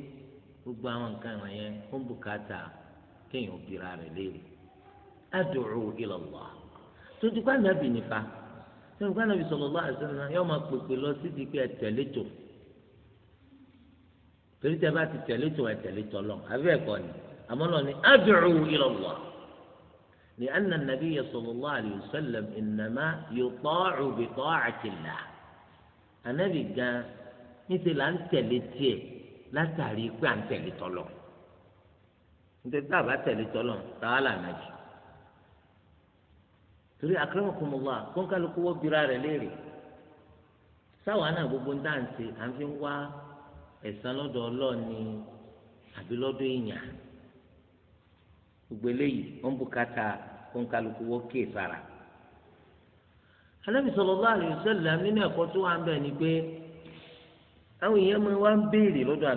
gbogbo àwọn nǹkan ìwọ̀nyẹn ó bùkátà kéèyàn òbí ra léèrè ad'u ila tontu kó anabi nìfà tontu kó anabi sallallahu alaihi wasallam yóò máa pèpè lọ sí di b'a ti tẹlẹ tó ẹtẹlẹ tó lọ àbí ẹkọ ni ni ad'u ila Allah لأن النبي صلى الله عليه وسلم إنما يطاع بطاعة الله a a torí akramakumullah kọ́ńkálukú wọ́n bira rẹ̀ léèrè sáwọn náà gbogbo ń dáǹsì à ń fi wá ẹ̀san lọ́dọ̀ ọlọ́ọ̀ni àbí lọ́dọ̀ èèyàn gbogbo eléyìí ó ń bùkátà nínú ẹ̀kọ́ tó wà ń bẹ̀ ni béèrè lọ́dọ̀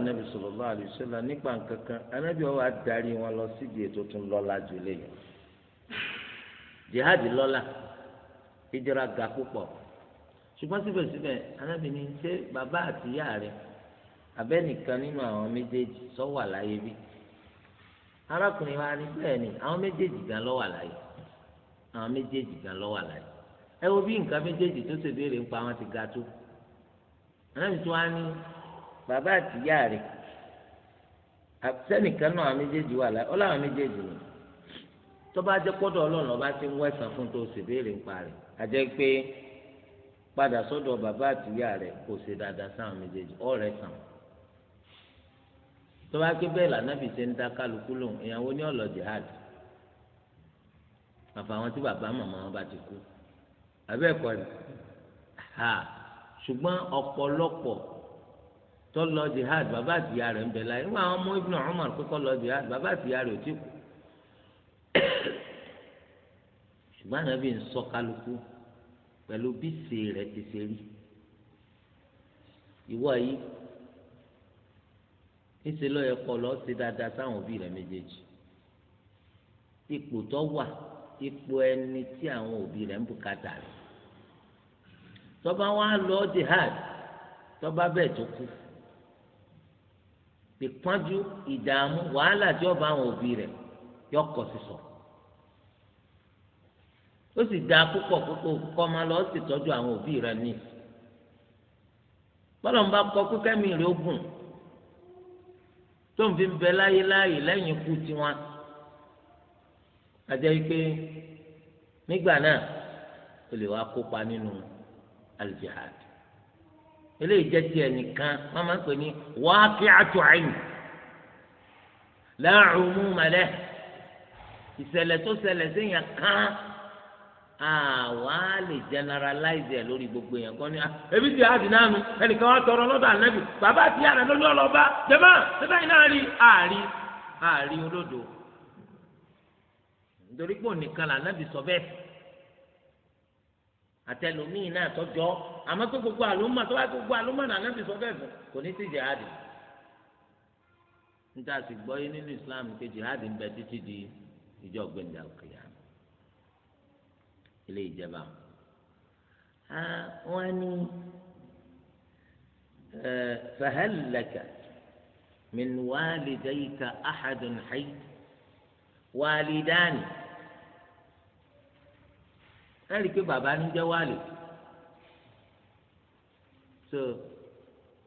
nípa nǹkan kan jihadi lọ́la ìjọra ga púpọ̀ ṣùgbọ́n síbẹ̀síbẹ̀ arábìnrin ṣé bàbá àti ìyá rẹ̀ abẹ́nìkan nínú àwọn méjèèjì sọ́wà láyé bí arákùnrin wa ní bẹ́ẹ̀ ni àwọn méjèèjì gan lọ́wà láyé àwọn méjèèjì gan lọ́wà láyé ẹ wo bí nǹkan méjèèjì tó ṣe béèrè ń pa wọn ti ga tó arábìnrin tó wá ní bàbá àti ìyá rẹ̀ sẹ́nìkan náà àwọn méjèèjì wà láyé ó méjèèjì nìyẹn tọ́ba jẹ́ pọ́dọ̀ ọlọ́run lọ́ba ti ń wẹ̀sán fún tó sì béèrè ń parẹ́ àjẹ́ pé padà sọ́dọ̀ bàbá àtìyá rẹ̀ kò ṣe dáadáa sáwọn méjèèjì ọ̀rẹ́ sàn tọ́ba ké bẹ́ẹ̀ lànàbì ṣe ń dá kálukú lòun ìyàwó ní ọ̀lọ́ jihad àfàwọn tí bàbá màmá wọn bá ti kú àbẹ́ ẹ̀kọ́ rẹ̀ ha ṣùgbọ́n ọ̀pọ̀lọpọ̀ tó lọ jihad bàbá àtìyá rẹ̀ ń bẹ láyé wọn àwọn ọmọ Ibn Umar kó kọ́ jihad bàbá àtìyá rẹ̀ ò tí kú ṣùgbọ́n ànábì ń sọ kálukú pẹ̀lú bí ṣe rẹ̀ ti ṣe rí ìwọ yìí níṣẹ́ lọ́ọ́ yẹ kọ́ lọ ṣe dáadáa sáwọn òbí rẹ̀ méjèèjì ipò tó wà ipò ẹni tí àwọn òbí rẹ̀ ń bùkátà rẹ̀ tọ́ba wa lọ jihad tọ́ba bẹ́ẹ̀ tó kú ìpọ́njú ìdààmú wàhálà tí ọba àwọn òbí rẹ̀ yọkọ̀ sísọ ó sì dáa púpọ̀ púpọ̀ kọ́ máa lọ sì tọ́jú àwọn òbí rẹ ní. bọ́lá ń bá kọ kúkẹ́mì rẹ ogun tó ń fi ń bẹ láyé láàyè lẹ́yìn ikú tiwọn. àjẹ́ pé nígbà náà o lè wá kópa nínú aljihad eléyìí jẹ́ tiẹ̀ nìkan wọ́n máa ń pè ní waqi'atu 'ayn la 'umuma lahu ìṣẹ̀lẹ̀ tó ṣẹlẹ̀ séèyàn kán. àwa lè generalize ẹ lórí gbogbo yẹn kọ́ni ebi ti àdì nánu ẹnìkan wa tọrọ lọ́dọ̀ ànábì bàbá àti yàrá lórí ọlọ́ba jẹ́mọ́ síbẹ̀ yìí náà rí àárí àárí olódo nítorí pé ònìkan làǹábì sọ bẹ́ẹ̀ àtẹlómìn náà tọjọ́ àmọ́ tó gbogbo àlómà tó wá gbogbo àlómà làǹábì sọ bẹ́ẹ̀ fún kò ní sí jihadi níta sì gbọ́ nínú Islam pé jihadi ń bẹ títí ilé ìjẹba wọn ní fahallaka min walidayka ahadun hayy walidani ẹ̀rí pé bàbá ní jẹ́ wálé so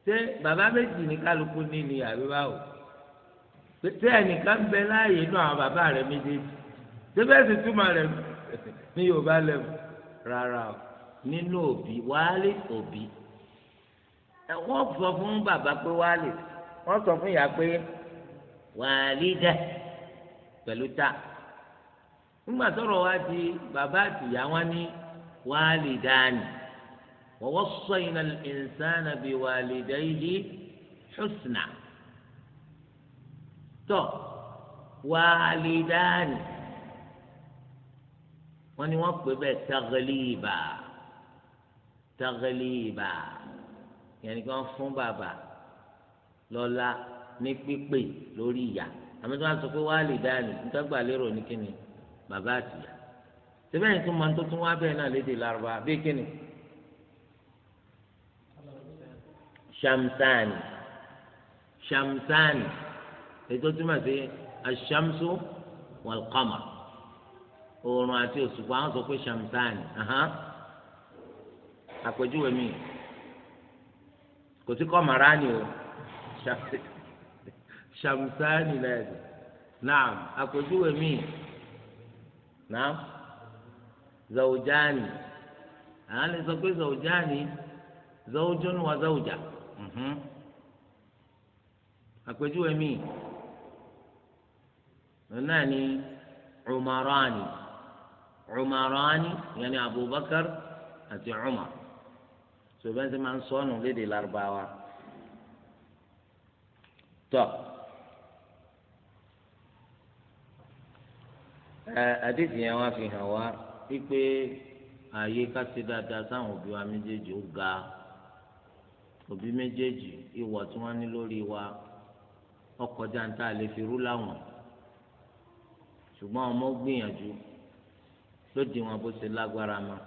ṣé bàbá méjì ní kálukú ní ni àbí báwo pété ẹnìkan bẹ láàyè náà àwọn bàbá rẹ méjèèjì ṣé bẹ́ẹ̀ sì túmọ̀ rẹ̀ mi ní yorùbá lẹ́wọ̀ rárá o nínú òbí wàhálì òbí wọ́n sọ fún bàbá pé wàhálì wọ́n sọ fún ìyá pé wàhálì dẹ pẹ̀lú ta nígbà tọ́rọ̀ wá di bàbá àtìyá wọn ní wàhálì dání wa wassayna al-insana biwalidayhi husna tó wàhálì dání wọ́n ní wọ́n pè bẹ́ẹ̀ tagiliba tagiliba yẹn ni kí wọ́n fún bàbá lọ́lá ní pípé lórí ìyá àmì tí wọ́n sọ pé wàá lè dání nítorí lérò ní kíni bàbá àtìyá sẹ́fẹ̀yìn tó máa ń tó tún wá bẹ́ẹ̀ náà lédè lárúbá bí kíni shamsani shamsani ètò tí ma ṣe aṣamsu wal qamar. oorun àti òṣùpá wọn sọ pé ṣàmùsáàni àpèjúwe mi kò sí kọ́ màrá ni o ṣàmùsáàni lẹ́yìn náà àpèjúwe mi náà zawujani àwọn lè sọ pé zawujani zawujun wa zawuja mhm. àpèjúwe mi náà ni umarani. عمراني يعني أبو بكر àti عمر sọ̀rọ̀ ẹ̀ máa ń sọ́nù léde lárúbáwá tọ́ ẹ àdìsí yẹn wá fi hàn wá wípé ààyè kásì dáadáa sáwọn òbí wa méjèèjì ó ga òbí méjèèjì ìwọ̀ tí wọ́n ní lórí wa ọkọ̀ jáǹtà lè fi rú láwọn ṣùgbọ́n ọmọ gbìyànjú yóò di wọn bó ṣe lágbára ma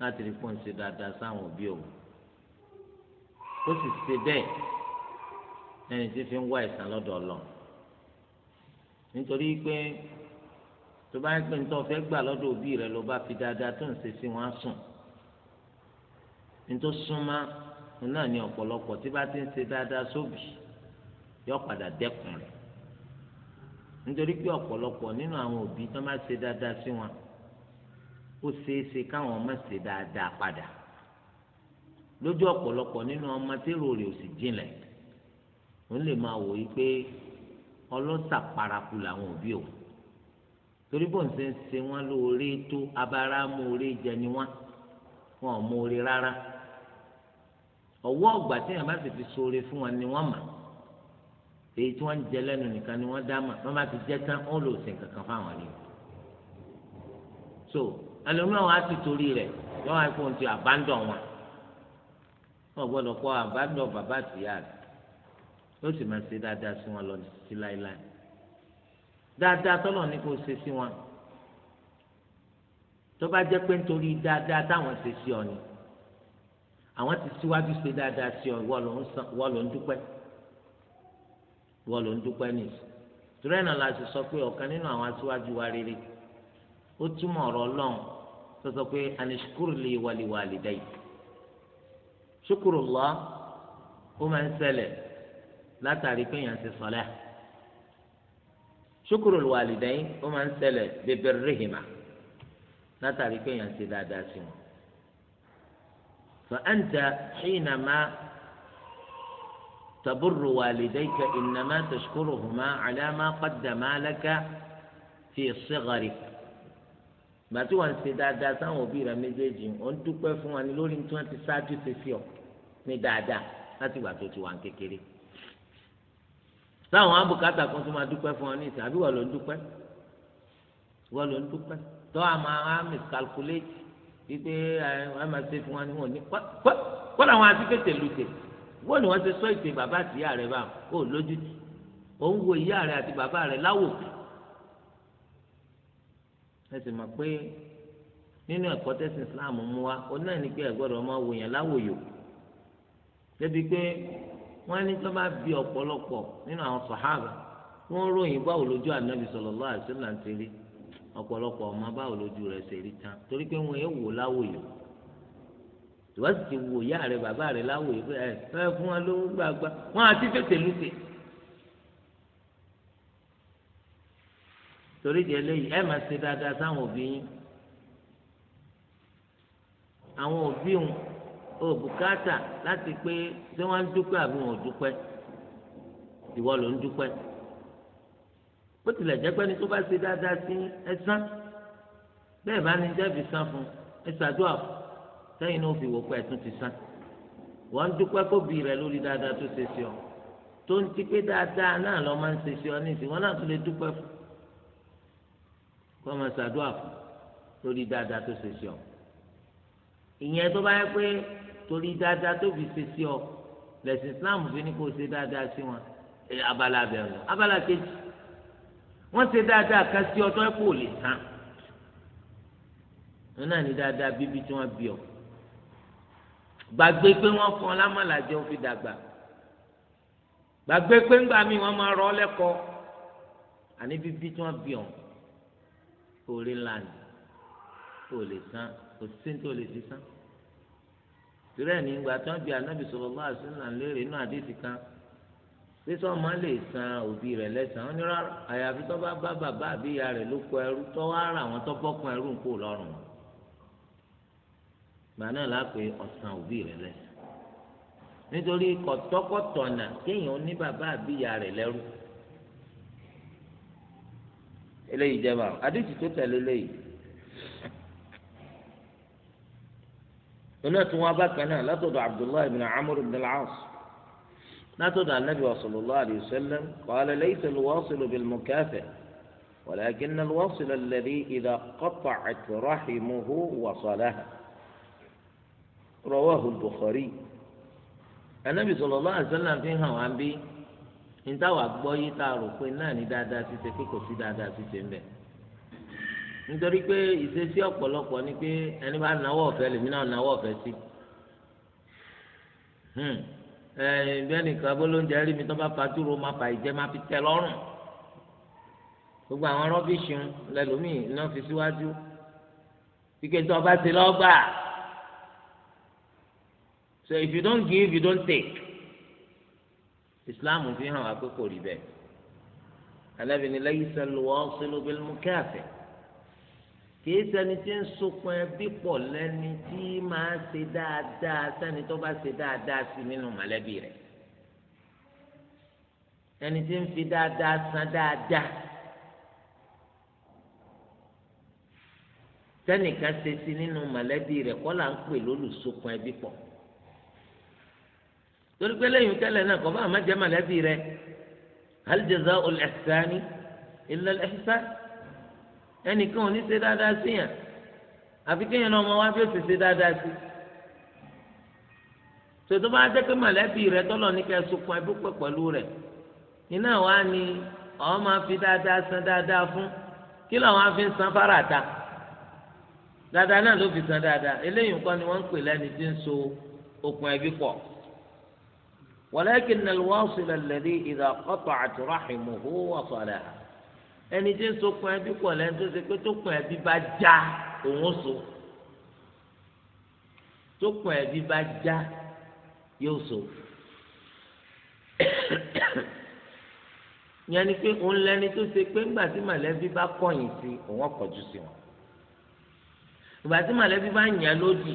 láti rí pọ́n ṣe dáadáa sáwọn òbí òun ó sì ṣe bẹ́ẹ̀ ẹni tí fi ń wá ìsàn lọ́dọ̀ ọlọ́run nítorí pé tó bá ń pè ní tó fẹ́ gbà lọ́dọ̀ òbí rẹ ló bá fi dáadáa tó ń ṣe sí wọn á sùn nítorí súnmọ́ òun náà ní ọ̀pọ̀lọpọ̀ tí bá ti ń ṣe dáadáa sóbì yóò padà dẹ́kun rẹ̀ nítorí pé ọ̀pọ̀lọpọ̀ nínú àwọn òbí tó máa ṣe dáadáa sí wọn ó ṣeéṣe káwọn ọmọ ṣe dáadáa padà lójú ọ̀pọ̀lọpọ̀ nínú ọmọ tẹ́rọ rẹ̀ ò sì jinlẹ̀ òun lè máa wò yí pé ọlọ́sà paraku làwọn òbí o torí bó ń ṣe ń ṣe wọn lóore tó abáramú oore jẹ ni wọn wọn ò mú oore rárá ọwọ́ ọ̀gbà tí yàrá sì fi ṣoore fún wọn ni wọ́n mọ̀ èyí tí wọ́n ń jẹ lẹ́nu nìkan ni wọ́n dá mọ̀ wọ́n bá ti jẹ́ tán ó lò sí kankan fáwọn ni so àlòmíràn wọn á ti torí rẹ̀ yọ wọn kó ti àbádọ̀ wọn wọn gbọ́dọ̀ kọ àbádọ̀ bàbá àtìyá rẹ̀ yóò sì máa ṣe dáadáa sí wọn lọ sí láéláé dáadáa tọ́lọ̀ ní kó ṣe sí wọn tó bá jẹ́ pé nítorí dáadáa táwọn ṣe sí ọ ni àwọn ti síwájú ṣe dáadáa sí ọ ìwọ ló ń dúpẹ́ ìwọ ló ń dúpẹ́ nìyí torí ẹ̀ náà la ṣe sọ pé ọ̀kan nínú àwọn aṣíwájú wa rere ó túmọ̀ ọ̀rọ̀ ọlọ́run tó sọ pé anishkurli wàlíwàlídàí shukurullah ó máa ń ṣẹlẹ̀ látàrí pé yàn ti sọlẹ shukurul wàlídàí ó máa ń ṣẹlẹ̀ rihima látàrí pé yàn ti dáadáa sí wọn fa anta hinama. تبر والديك إنما تشكرهما على ما قدما لك في صغرك gbà tí wọ́n ń ṣe dáadáa sáwọn òbí rẹ méjèèjì ó ń dúpẹ́ fún wọn ní lórí tí wọ́n ti ṣáájú ṣe sí ọ ní dáadáa láti ìgbà tó ti wà ń kékeré sáwọn abùkátà kan tó máa dúpẹ́ fún ọ ní ìsìn àbí wọ́n ló ń dúpẹ́ wọ́n ló ń dúpẹ́ tó a máa miscalculate wípé ẹ máa ṣe fún wọn ní wọn ní pẹ́ kọ́lá wọn àti kété lùtè wọ́n ni wọ́n ṣe sọ ìpè bàbá àti ìyá rẹ báwọn ó lójútì ó wo ìyá rẹ àti bàbá rẹ láwòkù ẹ sì mọ̀ pé nínú ẹ̀kọ́ tẹ̀sìn islam mú wa ó náà ní pé ẹ gbọ́dọ̀ máa wò yàn láwòyò débi pé wọ́n ní tó bá bí ọ̀pọ̀lọpọ̀ nínú àwọn sàhábà wọ́n ròyìn báwo lójú ànábì sallallahu alaihi wasallam ti rí ọ̀pọ̀lọpọ̀ ọmọ báwo lójú rẹ̀ ṣe rí tán torí pé wọ́n yẹ wò láwòyò ìwọ́n sì ti wò ìyá rẹ̀ bàbá rẹ̀ láwòyò pé ẹ fẹ́ fún wọn lówó gbàgbà wọ́n àti fètè lùtè torí di eléyìí ẹ máa ṣe dáadáa sáwọn òbí yín àwọn òbí òun ò bùkátà láti pé ṣé wọ́n ń dúpẹ́ àbí wọn ò dúpẹ́ ìwọ ló ń dúpẹ́ bó tilẹ̀ jẹ́ pé ní tó bá ṣe dáadáa sí ẹ san bẹ́ẹ̀ bá ní jẹ́bi san fún ẹ ṣàdúrà sẹ́yìn náà fi wò pé ẹ̀tún ti san wọ́n ń dúpẹ́ kó bí rẹ̀ lórí dáadáa tó ṣe sí ọ tó ń ti pé dáadáa náà lọ́ máa ń ṣe sí ọ ní ìsìn wọn náà tún lè dúpẹ́ fún kó máa ṣàdúrà fún lórí dáadáa tó ṣe sí ọ ìyẹn tó bá yẹ pé torí dáadáa tó fi ṣe sí ọ lẹ́sìn islam fi ní kó ṣe dáadáa sí wọn abala bẹ̀rẹ̀ abala kejì wọ́n ṣe dáadáa ká sí ọ tó ẹ kò lè tán wọn náà ní dáadáa bíbí tí wọ́n bí ọ gbàgbé pé wọ́n fọn lámàlàjẹ ó fi dàgbà gbàgbé pé ńgbà míì wọ́n máa rọ ọ lẹ́kọ̀ọ́ àní bíbí tí wọ́n bí ọ orí ńlá o lè san kò sí ní tó lè fi san torí ẹ̀ nígbà tí wọ́n bi anábì sọ̀rọ̀ bá àṣìlá inú kan sọ ma lè san òbí rẹ̀ lẹ́sàn-án ní àyàfi tó bá bá bàbá àbí ìyá ló kọ ẹrú tó wá ra àwọn tó bọ́kùn ẹrú ń kó lọ́rùn gbà náà lápè òbí nítorí eléyìí jẹ́ báwọn àdìsí tó tẹ̀lé léyìí. هنا توابكنا لا تدع عبد الله بن عمرو بن العاص لا تدع النبي صلى الله عليه وسلم قال ليس الواصل بالمكافئ ولكن الواصل الذي إذا قطعت رحمه وصلها رواه البخاري النبي صلى الله عليه وسلم فيها وعن بي nítawà gbọ́ yí tá a rò pé náà ní dáadáa ṣíṣe pé kò sí dáadáa ṣíṣe ń bẹ̀. nítorí pé ìṣesí ọ̀pọ̀lọpọ̀ ni pé ẹni bá náwó ọ̀fẹ́ lèmi náà náwó ọ̀fẹ́ sí. Hmm. bẹ́ẹ̀ nìkan bólóúnjẹ rí mi tó bá fatúrò má fà ìjẹ́ má fi tẹ́ lọ́rùn. gbogbo àwọn rọ́bìṣì ń lẹ́lòmíì náà fi síwájú. ike tó o bá ti lọ́gbà. So if you don't give, you don't take islam fi hàn wá pé kò rí bẹ́ẹ̀ alábìnrin lẹ́yìn sẹ́lùwọ́ sínú bí mú káfẹ́ kìí ṣẹni tí ń sokun ẹbí pọ̀ lẹ́ni tí máa ṣe dáadáa sẹ́ni tó bá ṣe dáadáa sí nínú mọ̀lẹ́bí rẹ̀ ẹni tí ń fi dáadáa san dáadáa sẹ́nìkan ṣe sí nínú mọ̀lẹ́bí rẹ̀ kọ́ là ń pè lólùsokun ẹbí pọ̀ torí pé lẹ́yìn tẹ́lẹ̀ náà kọ́ bá àmọ́ jẹ́ mọ̀lẹ́bí rẹ hal jazaa'ul ihsani illa al ihsan ẹnìkan ò ní ṣe dáadáa sí yàn àfi kéèyàn náà ọmọ wa bí ó ṣe ṣe dáadáa sí tòtò bá jẹ́ pé mọ̀lẹ́bí rẹ tọ́lọ̀ ní kẹ́ sunkún ẹbí pẹ̀ pẹ̀lú rẹ iná wa ni àwọn máa fi dáadáa san dáadáa fún kí làwọn á fi san fárá dáadáa náà ló fi san dáadáa eléyìí nǹkan ni wọ́n ń pè lẹ́ni tí ń so okùn ẹbí pọ̀. ولكن الواصل الذي إذا قطعت رحمه وصلها ẹni tí ń sokùn ẹbí pọ̀ lẹ́nu tó ṣe pé tókùn ẹbí bá já òun so tókùn ẹbí bá já yóò so yẹn ni pé òun lẹni tó ṣe pé ńgbà tí màlẹ́bí bá kọ̀yìn sí òun ọ̀kọ̀jú sí wọn ìgbà tí màlẹ́bí bá yàn lódì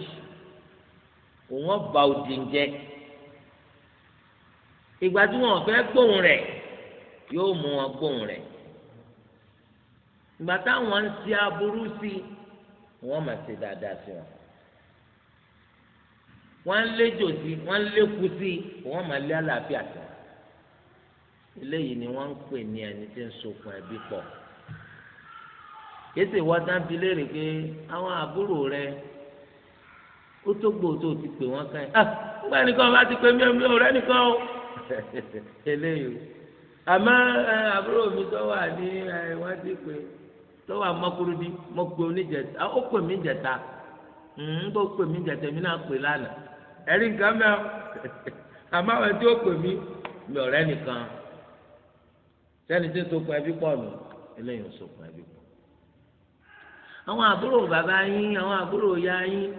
òun ọba òdì ń jẹ́ ìgbà tí wọn fẹ́ gbóhùn rẹ̀ yóò mú wọn gbóhùn rẹ̀ ìgbà táwọn ń ṣe aburú sí wọn mà ṣe dáadáa sí wọn wọn ń léjò sí wọn ń lékú sí wọn mà lé àlàáfíà sí wọn eléyìí ni wọn ń pè ní ẹni tí ń sokùn ẹbí pọ̀ kéésì wọn dá bi léèrè pé àwọn àbúrò rẹ̀ ó tó gbòòtò ti pè wọn ká ẹ ah nígbà nìkan bá ti pè mí ò rẹ nìkan o. eléyìí àmọ́ àbúrò mi tó wà ní wọ́n ti tó wà mọ́kúrúdí mọ́kúrú oníjẹta ó pè mí jẹta hmm, tó pè mí jẹta èmi náà pè lánàá ẹ̀rí nǹkan mẹ́wọ́ *laughs* àmọ́ àwọn tí ó pè mí mi ọ̀rẹ́ nìkan sẹ́ni tí ń sokun ẹbí pọ̀ mi eléyìí ń sokun ẹbí pọ̀ àwọn àbúrò bàbá yín àwọn ya yín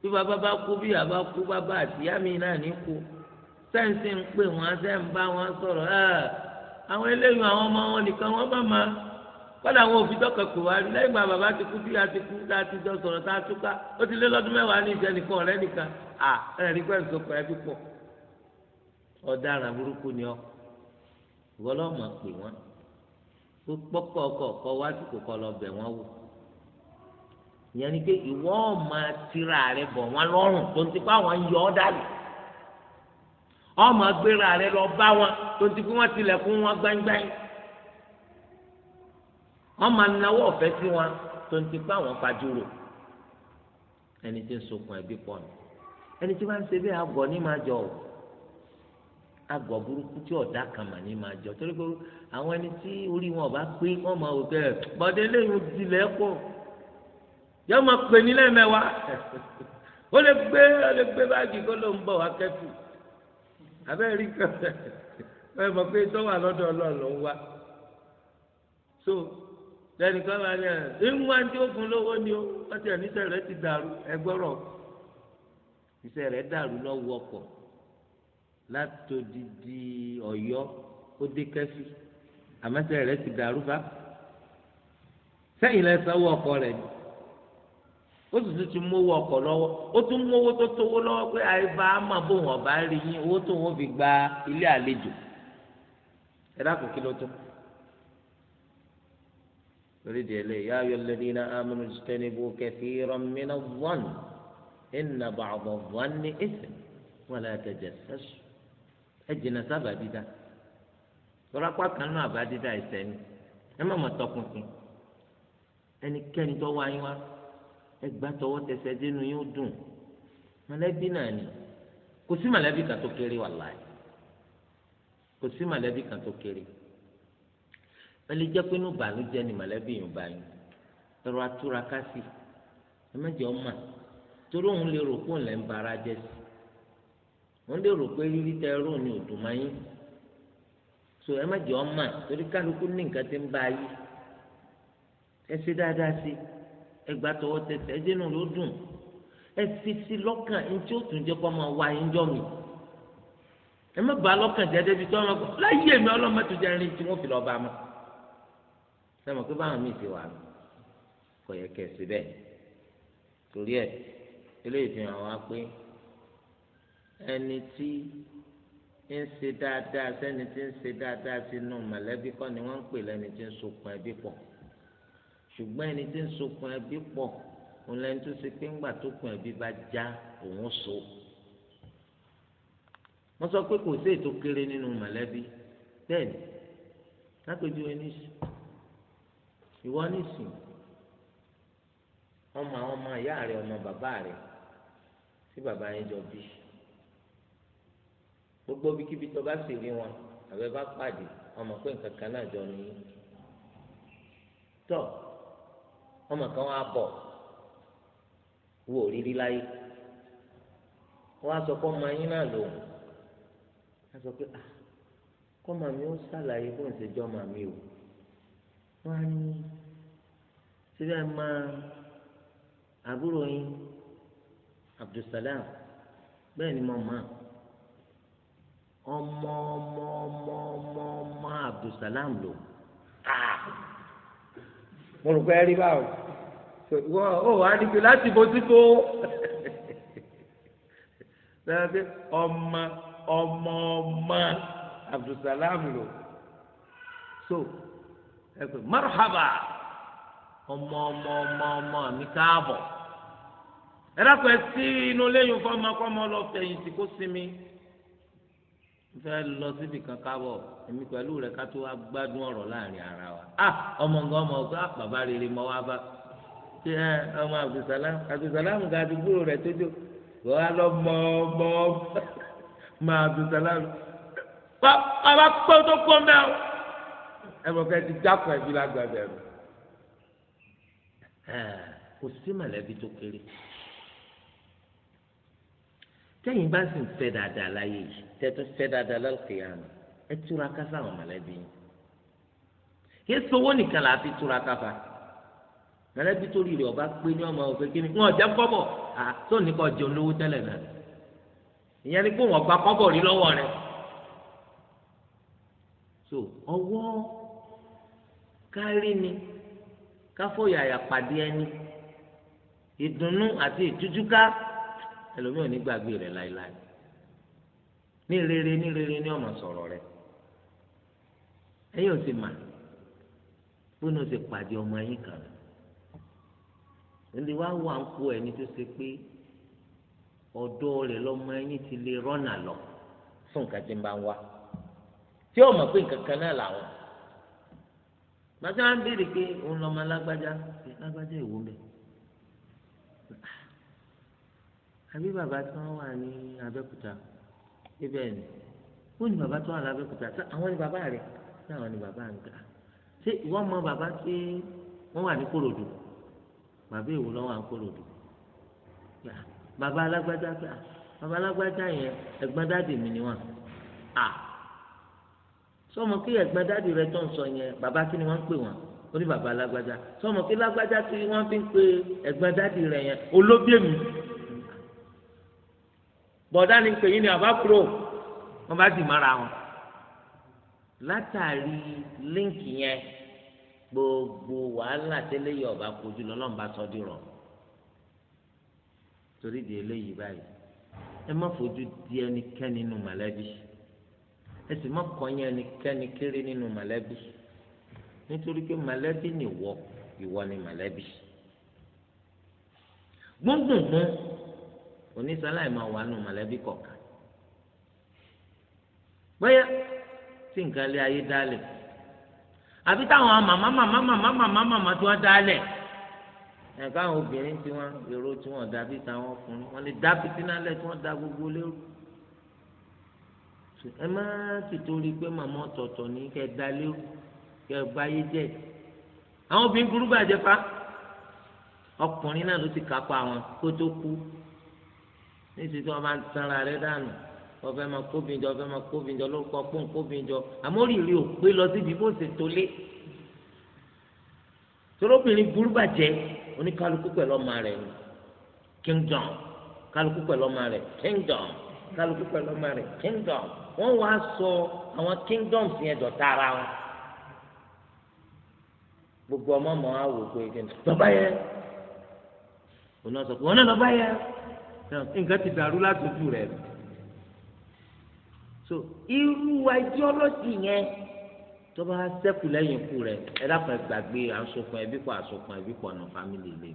bí bàbá bá kú bí bàbá kú bàbá mi sẹ́ǹsì ń pè wọ́n sẹ́ ń bá wọn sọ̀rọ̀ ẹ̀ àwọn eléyìí àwọn ọmọ wọn nìkan wọ́n bá ma kọ́dà àwọn òfin kò wá rí lẹ́yìn bàbá ti kú bí a ti kú tá a ti jọ sọ̀rọ̀ tá a túká ó ti lé lọ́dún mẹ́wàá ní ìjẹ́ ọ̀rẹ́ nìkan à ẹ̀rẹ́ nípa ọ wọ́n ó ọkọ̀ ọ̀kọ́ wá sí kòkọ́ lọ bẹ̀ wọ́n wò ìyẹn ni pé máa tira rẹ bọ̀ wọ́n lọ́rùn tó ń ọmọ agbèrè rẹ lọ bá wọn tó ti fi wọn tilẹ̀ fún wọn gbáńgbáń ọmọ anáwó ọ̀fẹ́ sí wọn tó ti pa wọn fàdúrò ẹni tí ń sokùn ẹbí pọ̀ ni ẹni tí wọ́n ń ṣe bẹ́ẹ̀ àgọ́ ní máa jọ ọ́ àgọ́ burúkú tí ọ̀dà kan mà ní máa jọ torí pé àwọn ẹni tí orí wọn ọba pé wọ́n máa wò bẹ́ẹ̀ bọ́dé lẹ́yìn ìdílé pọ̀ yọ máa pè ní lẹ́mẹ̀wá *laughs* ó lè gbé ó lè gbé báàgì kó ló ń bọ̀ wá kẹ́tù abẹ́rẹ́ rí kan bẹ́ẹ̀ mọ̀ pé tọ́wọ́ àlọ́dọ̀ ọlọ́run ń wá so lẹ́nu kan wà ní ẹ̀ ń wá ní fún lówó ni ó wọ́n ti ẹ̀ níṣẹ́ rẹ̀ ti dàrú ẹgbọ́rọ̀ iṣẹ́ rẹ̀ dàrú lọ́wọ́ ọkọ̀ látòdìdí ọ̀yọ́ ó dé kẹ́fì àmọ́ṣẹ́ rẹ̀ ti dàrú bá sẹ́yìn lẹ́sàn-án ọkọ̀ rẹ̀ ni ó sì tún ti mówó ọkọ̀ lọ́wọ́ ó tún mówó tó tówó lọ́wọ́ pé àìbá àmà bóun ọ̀bá rí yín owó tó wọn fi gba ilé àlejò ẹ dákun kí ló tó lórí di ẹlẹ́yìí yá ayọ̀ lẹ́yìn iná amúnú jìtẹ́ni bó kẹfì rọmìnà wọn ẹnà bàbà wọn ní ẹsẹ wọn lè tẹ̀jẹ̀ sẹ́sù ẹ jìnnà sábà dídá lọ́rápá kan àbá dídá ẹsẹ̀ ni ẹ má mọ̀ tọkùnkùn ẹnikẹ́ni tó wáyé wá ẹgbà tọwọ́ tẹsẹ̀ dénú yóò dùn mọ̀lẹ́bí náà ni kò sí mọ̀lẹ́bí kan tó kéré wàláhì kò sí mọ̀lẹ́bí kan tó kéré ẹ lè pé inú bàánújẹ́ ni mọ̀lẹ́bí yìí ń bá yín tọrọ atúra ká sí ẹ mẹjọ mà torí òun lè rò pé òun lè ń bara jẹ sí òun lè rò pé rírí tẹ ẹrú ni òdùn máa yín so ẹ mẹjọ mà torí kálukú ní nǹkan tí ń bá yín ẹ ṣe dáadáa sí i ẹgbà tọwọ́ tẹsẹ̀ ẹdínú ló dùn ẹ fi si lọ́kàn ntí ó tún jẹ́ kó máa wá yín jọ mi ẹ má bàa lọ́kàn jẹ́ débi tí wọ́n máa kọ́ láyé mi ọlọ́mọ tó jẹ́ rìn tí wọ́n fi lọ́ọ́ bá a mọ́ sẹ́mi pé báwọn míì ti wà mí kò yẹ kẹ́ ẹ sí bẹ́ẹ̀ torí ẹ eléyìí fi hàn wá pé ẹni tí ń ṣe dáadáa sẹ́ni tí ń ṣe dáadáa sínú mọ̀lẹ́bí kọ́ ni wọ́n ń pè lẹ́ni tí ń sokùn ẹbí pọ̀ ṣùgbọ́n ẹni tí ń sokùn ẹbí pọ̀ òun lẹni tó ṣe pé ńgbà tó kun ẹbí bá já òun so wọ́n sọ pé kò sí ètò kéré nínú mọ̀lẹ́bí bẹ́ẹ̀ ni lápẹjù ẹni sùn ìwọ nísìn ọmọ àwọn ọmọ ìyá rẹ ọmọ bàbá rẹ tí bàbá yẹn jọ bí gbogbo bíkíbi tó bá sì rí wọn àbẹ bá pàdé ọmọ pé nǹkan kan náà jọ nìyí tọ ọmọ kan wá bọ̀ wò rírí láyé wọ́n á sọ pé ọmọ yín náà lòun á sọ pé ah kọ́ màmí ó ṣàlàyé bó ń ṣe jọ màmí o wọ́n á ní síbẹ̀ máa àbúrò yín Abdulsalam bẹ́ẹ̀ ni mo mọ̀ ọmọ ọmọ ọmọ ọmọ Abdulsalam lò ah mo rò pé ẹ rí báwo wọ́n ó wà á ní pé láti bójútó *laughs* dáadé ọmọ ọmọ ọmọ Abdulsalam lò so ẹ pé marhaba ọmọ ọmọ ọmọ ọmọ mi káàbọ̀ ẹ dákun ẹ sí inú lẹ́yìn fún ọmọ kọ́ ọmọ lọ fẹ̀yìntì kó sinmi fẹ́ lọ síbi kankan bọ̀ èmi pẹ̀lú rẹ̀ ká tó wá gbádùn ọ̀rọ̀ láàrin ara wa ah ọmọ nǹkan ọmọ ọgbà ah, bàbá rere mọ wá bá ṣé ẹ eh, ọmọ Abdulsalam Abdulsalam ga àdúgbò rẹ̀ tójó wọ́n á lọ mọ ọmọ ọmọ Abdulsalam bàbá pé tó kó mẹ́ o ẹ mọ̀ kẹ́ ti jákọ̀ ẹ̀bí lágbàdàn kò sí mọ̀lẹ́bí tó kéré tẹ́yìn bá sì ń fẹ́ dáadáa láyé yìí tẹ́tún fẹ́ dáadáa lálùkìyàmù ẹ túraká sáwọn mọ̀lẹ́bí yín kí ẹ sọwọ́ nìkan là á fi túraká fa mọ̀lẹ́bí tó rí rẹ̀ ọba pé ní ọmọ òfin kíni wọn jẹ́ kọ́bọ̀ tó ní kọ́ jẹun lówó náà ìyẹn ni pé wọn gba kọ́bọ̀ rí lọ́wọ́ rẹ̀ so ọwọ́ kárí ni káfọ́ yàyà pàdé ẹni ìdùnnú àti ìtújúká ẹlòmíì ò ní gbàgbé rẹ̀ láéláé ní rere ní rere ní ọmọ sọ̀rọ̀ rẹ̀ ẹ̀yin ò sì mà bóun ó sì pàdé ọmọ ẹ̀yìn kan ẹni wá wà ń kó ẹni tó ṣe pé ọ̀dọ̀ rẹ̀ lọ́mọ ẹ̀yìn ti lè rọ́nà lọ fún nǹkan tí ń bá ń wá tí ọmọ pé nǹkan kan náà làwọn gbàtí wọn ń béèrè pé òun lọmọ lágbájá lágbájá ìwọ àbí bàbá tí wọ́n wà ní Abẹ́òkúta ibẹ̀ ni ó ní bàbá tí wọ́n wà ní Abẹ́òkúta àwọn ni bàbá rẹ̀ tí àwọn ni bàbá ń ga ṣé ìwọ mọ bàbá tí wọ́n wà ní Kòròdú bàbá èwo lọ́wọ́ à ń Kòròdú bàbá alágbájá pé bàbá alágbájá yẹn ẹ̀gbọ́n dáàdì mi ni wọ́n à sọmọ kí ẹ̀gbọ́n dáàdì rẹ tó ń sọ yẹn bàbá kí ni wọ́n ń pè wọ́n ó ní bàbá alágbájá sọmọ kí lágbájá tí wọ́n fi ń pe ẹ̀gbọ́n dáàdì rẹ yẹn olóbìèmí bọ̀dá ni pè yín ni àbá kúrò wọ́n bá dì mára wọn látàrí líǹkì yẹn gbogbo wàhálà tẹ́lẹ̀ yìí ọba kojú lọ́lọ́run bá sọ dìrọ̀ torí di eléyìí báyìí ẹ má fojú di ẹnikẹ́ni nínú mọ̀lẹ́bí ẹ sì má kọ̀yìn ẹnikẹ́ni kéré nínú mọ̀lẹ́bí nítorí pé mọ̀lẹ́bí nìwọ ìwọ ni mọ̀lẹ́bí gbóngbòngbò onísàlàyé máa wà nù mọ̀lẹ́bí kọ̀ọ̀kan bóyá tí nǹkan lé ayé dálẹ̀ àbí táwọn màmá màmá màmá màmá màmá tí wọ́n dálẹ̀ ẹ̀ka àwọn obìnrin tí wọ́n èrò tí wọ́n dàbí táwọn ọkùnrin wọ́n lè dá pitínálẹ̀ tí wọ́n dá gbogbo lérò ẹ má ti torí pé màmá ọ̀tọ̀ọ̀tọ̀ ní kẹ́ dá lérò kẹ́ báyé jẹ́ àwọn obìnrin burú bàjẹ́ ọkùnrin náà ló ti kápá wọn kó tó kú níṣẹ́ tí wọ́n bá ń tanra rẹ dànù wọ́n fẹ́ máa kóbìnjọ fẹ́ máa kóbìnjọ lórúkọ pọ́n kóbìnjọ àmórìrì ò pé lọ síbi bó ṣe tolé torobìnrin burú bàjẹ́ oníkálukú pẹ̀lú ọmọ rẹ̀ ni kingdom kálukú pẹ̀lú ọmọ rẹ̀ kingdom kálukú pẹ̀lú ọmọ rẹ̀ kingdom wọ́n wá sọ àwọn kingdoms yẹn dọ̀tá ara wọn gbogbo ọmọ mọ́ àwòkọ́ ẹ̀jẹ̀ bàbá yẹn òun náà sọ pé òun náà lọ́ba yẹn nǹkan ti dàrú látòjú rẹ̀ so irú ideology yẹn tó bá ṣẹ́kù lẹ́yìn ikú rẹ̀ ẹ dákun ẹ gbàgbé àsopọ̀ ẹbí pọ̀ àsopọ̀ ẹbí pọ̀ nù fámìlì lè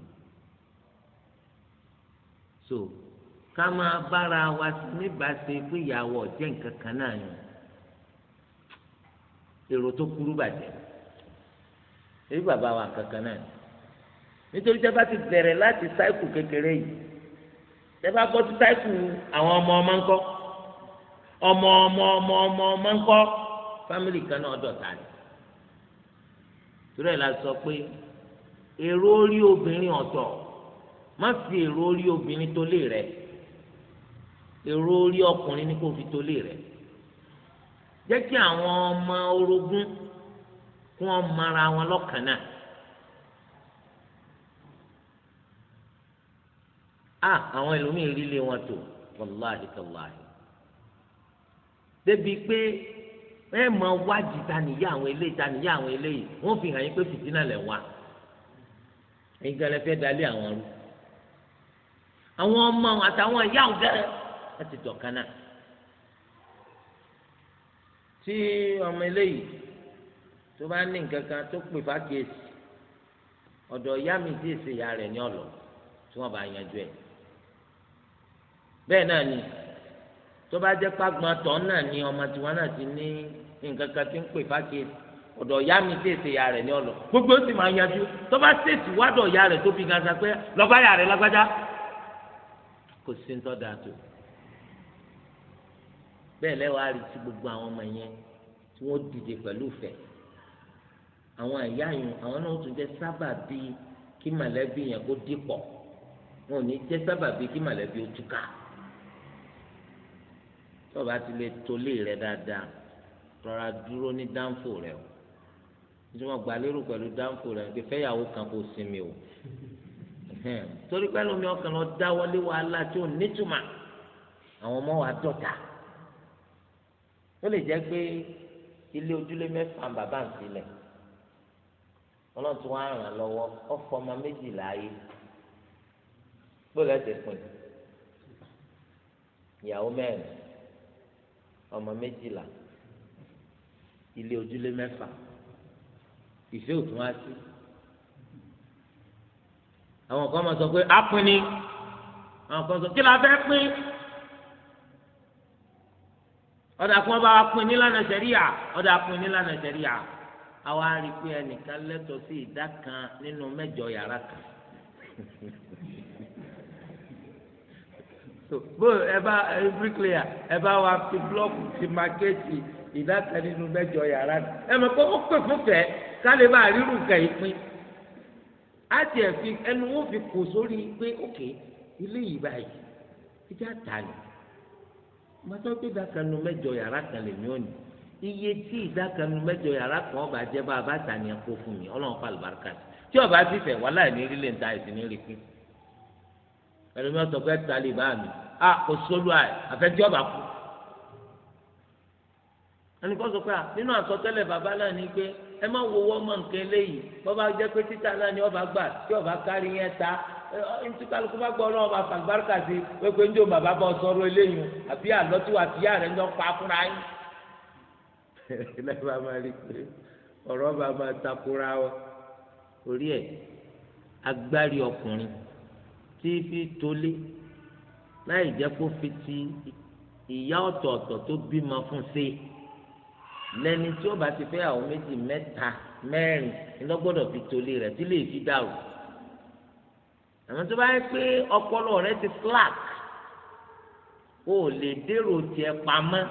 so ká máa bára wa níbàṣe pé ìyàwó ọ̀jẹ̀ nǹkan kan náà yàn èrò tó kúrú bàjẹ́ èyí bàbá wa kankan náà nítorí tí a bá ti bẹ̀rẹ̀ láti sáìkù kékeré yìí tẹ́fà gbọ́ tí táìpù àwọn ọmọ ọmọ ńkọ́ ọmọ ọmọ ọmọ ọmọ ọmọ ńkọ́ fámìlì kan náà dọ̀tà ni tùrẹ̀ la sọ pé èrò orí obìnrin ọ̀tọ̀ má fi èrò orí obìnrin tó lé rẹ̀ èrò orí ọkùnrin ní kò fi tó lé rẹ̀ jẹ́ kí àwọn ọmọ orogún kún ọmọ ara wọn lọ́kàn náà. ah àwọn ẹlòmíì rí lé wọn tó wàláhì tàláhì débi pé ẹ máa wádìí tanìyá àwọn eléyìí tanìyá àwọn eléyìí wọ́n fi hàn yín pé fìtínà lẹ wá ẹ̀yin gan lẹ fẹ́ dalẹ àwọn rú àwọn ọmọ àtàwọn ìyá àwọn gẹrẹ láti dọkan náà tí ọmọ eléyìí tó bá ní nǹkan kan tó pè fákìyèsí ọ̀dọ̀ ìyá mi tí èsì ìyá rẹ̀ ní ọ̀lọ́ tí wọ́n bá yanjú ẹ̀ bẹ́ẹ̀ náà ni tó bá jẹ́ pàgbọ́n tọ́ náà ni ọmọ tiwọn náà ti ní nǹkan kan ti ń pè fákìrì ọ̀dọ̀ ìyá mi tètè ya rẹ̀ ní ọ̀lọ̀ gbogbo ó sì máa yanjú tó bá tètè wádọ̀ ìyá rẹ̀ tó fi gansa pé lọ́ba ìyá rẹ̀ lágbájá kò sí ń tọ́da tó bẹ́ẹ̀ lẹ́wàá rí ti gbogbo àwọn ọmọ yẹn tí wọ́n dìde pẹ̀lú ìfẹ́ àwọn ìyá yẹn àwọn náà tún jẹ́ sábà bíi kí mọ̀lẹ́bí yẹn kó dìpọ̀ wọn ò ní jẹ́ sábà bíi kí mọ̀lẹ́bí ó túká tó bá ti lè tolé rẹ dáadáa rọra dúró ní dáńfò rẹ o nítorí wọn gbà lérò pẹ̀lú dáńfò rẹ pé fẹ́yàwó kan kò sinmi o torí pẹ̀lú mi ọkàn lọ dáwọ́lé wàhálà tí ò nítumà àwọn ọmọ wa dọ̀tà ó lè jẹ́ pé ilé ojúlé mẹ́fà bàbá ń sílẹ̀ ọlọ́run tí wọ́n á ràn lọ́wọ́ ọ̀fọ̀ ọmọ méjìlá ayé gbọ́dọ̀ ẹ̀ tẹ̀ pin ìyàwó mẹ́rin ọmọ méjìlá ilé ojúlé mẹ́fà ìfẹ́ òtún á sí àwọn kan máa sọ pé á pín ni àwọn kan sọ kí la fẹ́ pín ọ̀dà kí wọ́n bá wa pín nílànà sẹ́ríà ọ̀dà pín nílànà sẹ́ríà àwa rí i pé ẹnìkan lẹ́tọ̀ọ́ sí ìdá kan nínú mẹ́jọ yàrá kan. *laughs* so bó ẹ bá bíríkìlìyà ẹ bá wa fi blọọkù ti màkéètì ìdáka nínú mẹ́jọ yàrá ni ẹ mọ̀ pé ó pè fún fẹ́ kálí bá rírun kẹ̀ ìpín á tiẹ̀ fi ẹnu wọn fi kò sórí pé òkè ilé yìí báyìí ìjà tà ní mọ́tò pé ìdáka nínú mẹ́jọ yàrá kan lè ní òní iye tí ìdáka nínú mẹ́jọ yàrá kan ọba jẹ́ bá a bá tà ní ẹ̀kọ́ fún mi ọlọ́run fà lùbáríkà tí ọba ti fẹ̀ wàhálà ìnírí lè ń ta ìsìn ní rí ẹlòmíì ọ̀sọ̀ pé ẹ̀ta bá mi a kò sólù àì àfẹ́tí ọ̀bà kú. ẹnì kan sọ pé à nínú àsọtẹ́lẹ̀ bàbá náà ni pé ẹ má wo wọ́n mọ̀ nǹkan eléyìí bọ́ba jẹ́ pé títà náà ni ọba gbà tí ọba kárí yẹn ta ntí kálukú bá gbọ́ ọlọ́wọ́ bá fàgbárùkà sí pépé njó bàbá bá sọ̀rọ̀ eléyìí àbí àlọ́ wà á fìyà rẹ̀ ń pa fúnra yín. lẹ́yìn *laughs* bá máa rí pé ọ̀rọ̀ bá máa takora wọn orí ẹ̀ agbárí ọkùnrin tí fi tolé láì jẹ́ kó fi ti ìyá ọ̀tọ̀ọ̀tọ̀ tó bímọ fún ṣe lẹ́ni tí ó bá ti fẹ́ àwọn méjì mẹ́ta mẹ́rin ńlọ́gbọ́dọ̀ fi tolé rẹ̀ tí lè fi dàrú àmọ́ tó bá yẹ pé ọpọlọ rẹ ti slack o lè dèrò tiẹ̀ pamọ́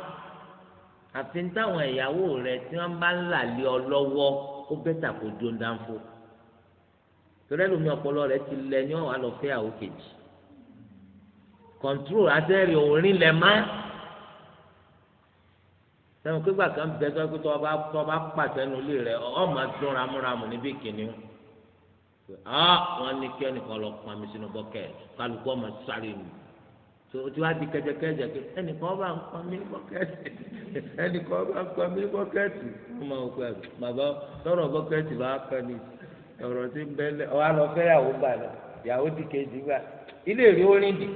àfi ń táwọn ìyàwó rẹ tí wọ́n bá ń là lé ọ lọ́wọ́ ó bẹ́tà kó dúró dáńfó tọ́lẹ́ lómi ọpọlọ rẹ ti lẹ ní ọ̀hún alọ́fẹ́ àwọn kejì kọ̀ǹtúrò àtẹ́rì òórìn lẹ̀ má sẹ́wọ̀n pípa kan bẹ tó ẹgbẹ́ tó ọba tó ọba pàṣẹ nu ilé rẹ ọmọ tó ramúramù níbí kìíní ah wọn ní kí ẹnìkan lọ pa mi sínú bọ́kẹ́ kálukú ọmọ sáré mi tó tí wàá di kẹjẹkẹjẹ pé ẹnìkan bá ń pa mí bọ́kẹ́tì *laughs* ẹnìkan bá ń pa mí bọ́kẹ́tì ó máa ń bàbá lọ́rọ̀ bọ́kẹ́tì bá kàn ní ọ̀rọ̀ tí ń bẹ lẹ ọ wa lọ fẹ́ yàwó gbà lọ yàwó di kejì gbà ilé rí orin dì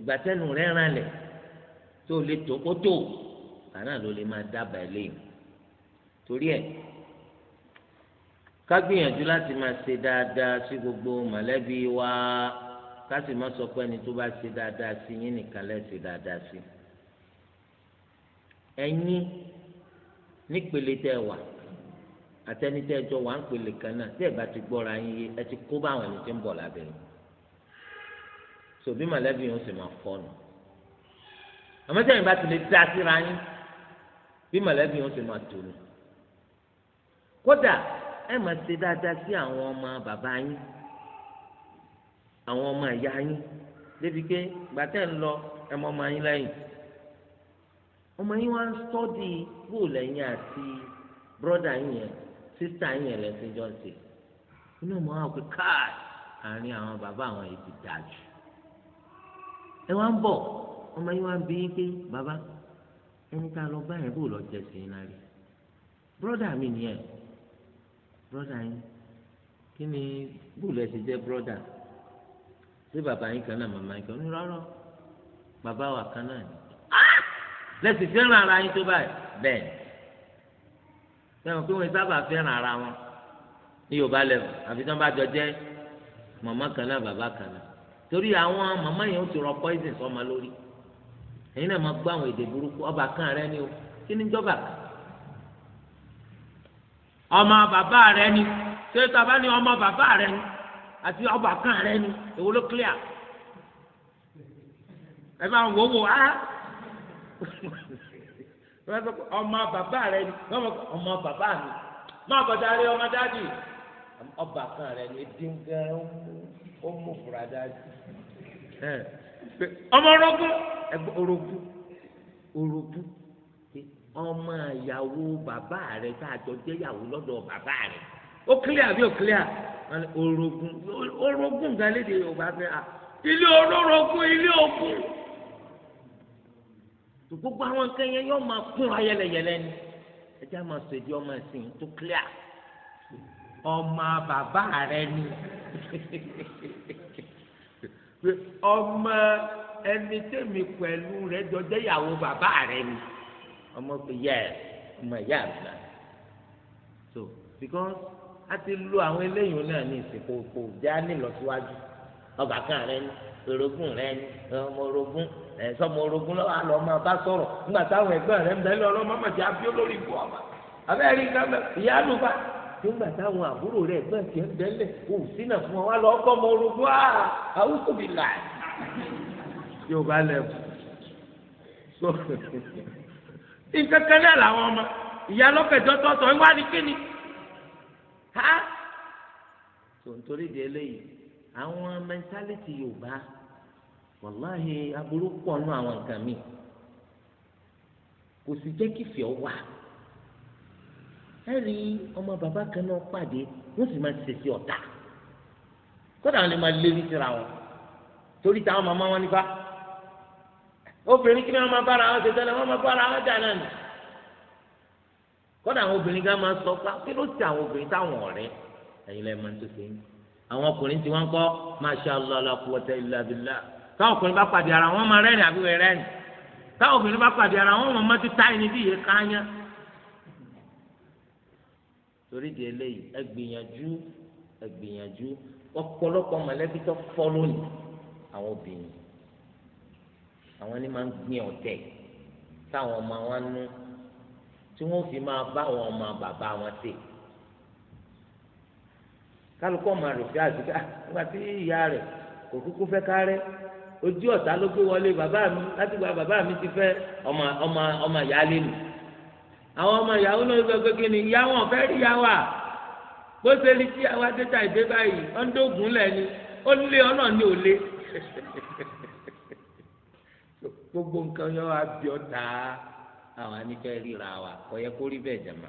ìgbà tẹnu rẹ ràn lẹ tó lè tó kó tó kàná ló lè máa dábàá eléyìí torí ẹ ká gbìyànjú láti máa ṣe dáadáa sí gbogbo mọ̀lẹ́bí wa ká sì má sọ pé ẹni tó bá ṣe dáadáa sí yín nìkan lẹ́ ṣe dáadáa sí ẹ̀yin nípele tẹ́ wà àtẹnitẹ ẹjọ wà ń pèlè kan náà tí ẹ bá ti gbọ́ra yín yé ẹ ti kó bá àwọn ẹni tí ń bọ̀ lábẹ́ yín sòbí mọ̀lẹ́bí yín ó sì máa fọ́nù àmọ́ tí ẹ̀yin bá ti lè dá síra yín bí mọ̀lẹ́bí yín ó sì máa tònù kódà ẹ máa ṣe dáadáa sí àwọn ọmọ bàbá yín àwọn ọmọ ìyá yín débi pé gbàtẹ́ ń lọ ẹ ọmọ yín lẹ́yìn ọmọ yín wá ń sọ́ọ́dì bóòlù ẹ̀yìn àti bírọ́dà yín yẹn sísá yẹn lẹ́sìn jọ ṣe inú mọ́ àwọn pé káàd àárín àwọn bàbá àwọn yìí ti dà jù ẹ wá ń bọ̀ ọmọ yìí wá ń bí pé bàbá ẹni tá a lọ bá yẹn bó lọ jẹ sí iná rí bọ́dà mi nìyẹn bọ́dà yín kí ni bóòlù ẹ ti jẹ́ bọ́dà ṣé bàbá yín kan náà màmá yín kan ní rárá bàbá wa kan náà ni ah! lẹ́sìn fẹ́ràn ara yín tó báyìí bẹ́ẹ̀ sẹ́wọ̀n pé wọ́n sábà fẹ́ràn ara wọn ní yorùbá lẹ́wọ̀ àfi tí wọ́n bá jọ jẹ́ màmá kan náà bàbá kan náà torí àwọn màmá yẹn ó ti rọ poison sọ́mọ lórí ẹ̀yin náà máa gbọ́ àwọn èdè burúkú ọba kan rẹ ni o kí ni jọba kan ọmọ bàbá rẹ ni ṣé sábà ni ọmọ bàbá rẹ ni àti ọba kan rẹ ni èwo ló clear ẹ máa wò wò á. Ah wọ́n sọ pé ọmọ bàbá rẹ ni wọ́n mọ̀ pé ọmọ bàbá mi má bọ̀dá rẹ ọmọ dáàdì ọba kan rẹ ni dín gan ó mú fura dáàdì ọmọ orogún ẹgbẹ́ orogún orogún ọmọ ìyàwó bàbá rẹ tá a jọ jẹ́ ìyàwó lọ́dọ̀ bàbá rẹ ó clear àbí ó clear orogún orogún gan lédè Yorùbá fẹ́ à ilé orogún ilé ogun tó gbogbo àwọn nǹkan yẹn yóò máa kúnra yẹlẹyẹlẹ ni ẹjẹ máa sọ èdè ọmọ ẹsìn tó clear ọmọ bàbá rẹ ni ọmọ ẹni tẹ̀mí pẹ̀lú rẹ jọjẹ́ ìyàwó bàbá rẹ ni ọmọ pé yẹ ọmọ ìyá mi so because a ti lo àwọn eléyìí náà ní ìsìnkú kò já nílọsíwájú ọgbà kan rẹ ni orogún rẹ ni ọmọ orogún ẹ sọmọ orogún lọ́wọ́ àlọ́ máa bá sọ̀rọ̀ nígbà táwọn ẹgbẹ́ rẹ ń bẹ lọ lọ́mọ màtí abíó lórí ikú ọmọ abẹ́rẹ́ rí kámẹ́ ìyá àlùfà nígbà táwọn àbúrò rẹ ẹgbẹ́ tiẹ̀ ń bẹ́lẹ̀ kò sínà fún wa lọ ọkọ ọmọ orogún á àwùjọ bí là yóò bá lẹ̀ fún nǹkan kan náà làwọn ọmọ ìyá lọ́kẹ̀jọ́ tọ́tọ̀ ẹ kíni ha tòǹtòrí di eléyìí àwọn mẹńtálítì yorùbá wàláhì aburú pọ̀ nù àwọn nǹkan mi kò sì jẹ́ kí fìọ́ wà ẹ rí ọmọ bàbá kan náà pàdé wọ́n sì máa ṣèṣe ọ̀tá kódà wọn lè máa lérí síra wọn torí táwọn màmá wọn nípa obìnrin kí ni wọn máa bára wọn ṣe tẹ́lẹ̀ wọn máa bára wọn jà náà nì kódà àwọn obìnrin kan máa sọ pé kí ló ti àwọn obìnrin táwọn ọ̀rẹ́ ẹ̀yin lẹ́ẹ̀ máa ń tó ṣe àwọn ọkùnrin tí wọ́n kọ́ masha allah la quwwata illa billah táwọn ọkùnrin bá pàdé ara wọn máa rẹ́rìn àbí wọ́n rẹ́rìn táwọn obìnrin bá pàdé ara wọn máa mọ́tò táyì níbí yìí káyán. torí di eléyìí ẹ gbìyànjú ẹ gbìyànjú ọ̀pọ̀lọpọ̀ mọ̀lẹ́bí tó fọ́ lónìí àwọn obìnrin àwọn ni máa ń gbin ọ̀tẹ̀ táwọn ọmọ wọn nú tí wọ́n fi máa bá àwọn ọmọ bàbá wọn tè kálukọ́ ọmọ rẹ̀ fi àzùká ah, nígbà tí ìyá rẹ̀ kò kúkú fẹ́ kárẹ́ ojú ọ̀tá ló gbé wọlé bàbá mi láti gba bàbá mi ti fẹ́ ọmọ ọmọ ọmọ ìyáálé mi àwọn ọmọ ìyàwó náà sọ pé kí ni ìyá wọn fẹ́ rí ìyá wa bó ṣe rí tí àwa dẹ́ta ìdé báyìí ọ̀ńdógún lẹ́ni ó lé ọ̀nà ní òlé *laughs* gbogbo nǹkan yẹn wá bí ọ̀tá àwọn anífẹ́ ríra wa kò yẹ bẹ́ẹ̀ jàmá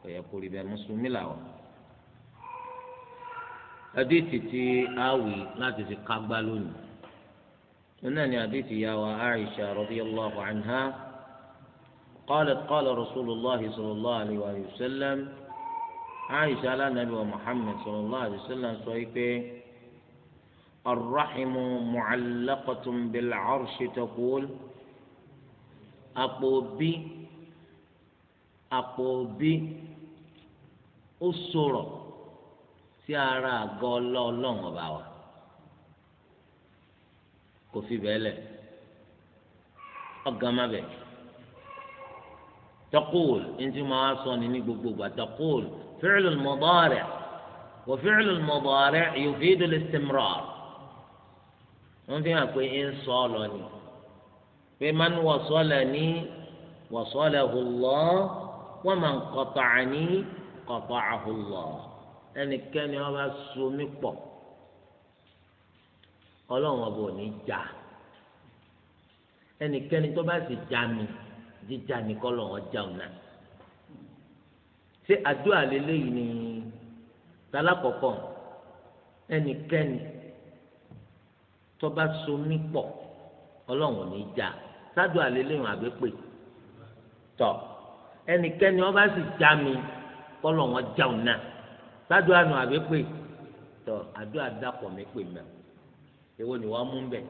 kò yẹ bẹ́ẹ̀ mùsùlùmí làwọn hadithi tí a wí láti fi kágbá lónìí náà ni hadithi ya wa aisha radiyallahu anha qalat qala rasulillah sallallahu alayhi wa sallam aisha alanabi wa muhammad sallallahu alayhi wa sallam sọ pé الرحم معلقة بالعرش تقول àpò bí àpò ó sọ̀rọ̀ sí ara àgọ́ ọlọ́ọ̀lọ́ọ̀ ọba wa kò fi bẹ́ẹ̀ lẹ̀ ọ̀gá má bẹ̀ taqul ntí máa sọ ni ní gbogbo gbà taqul fi'lu al-mudari' wa fi'lu al-mudari' yufidu al-istimrar wọ́n fi hàn pé ń sọ ọ ni pé man wasalani wasalahu Allah wa man qata'ani qata'ahu Allah ẹnikẹ́ni wọn bá so mí pọ̀ ọlọ́run ọba ò ní jà ẹnikẹ́ni tó bá sì jà mí jíjà ní kọ́lọ̀ wọn jà ọ̀nà ṣé àdúrà lélẹ́yìí ni tálákọ̀ọ́kọ́ ẹnikẹ́ni tó bá so mí pọ̀ ọlọ́run ò ní jà sádùn àlélẹ́yìn àgbẹ̀pẹ̀ tọ̀ ẹnikẹ́ni wọn bá sì jà mí kọ́lọ̀ wọn jà ọ̀nà sádùá nù àbí pè tọ àdúrà dàpọ̀ mí pè mẹ́ èwo ni wọ́n mú bẹ̀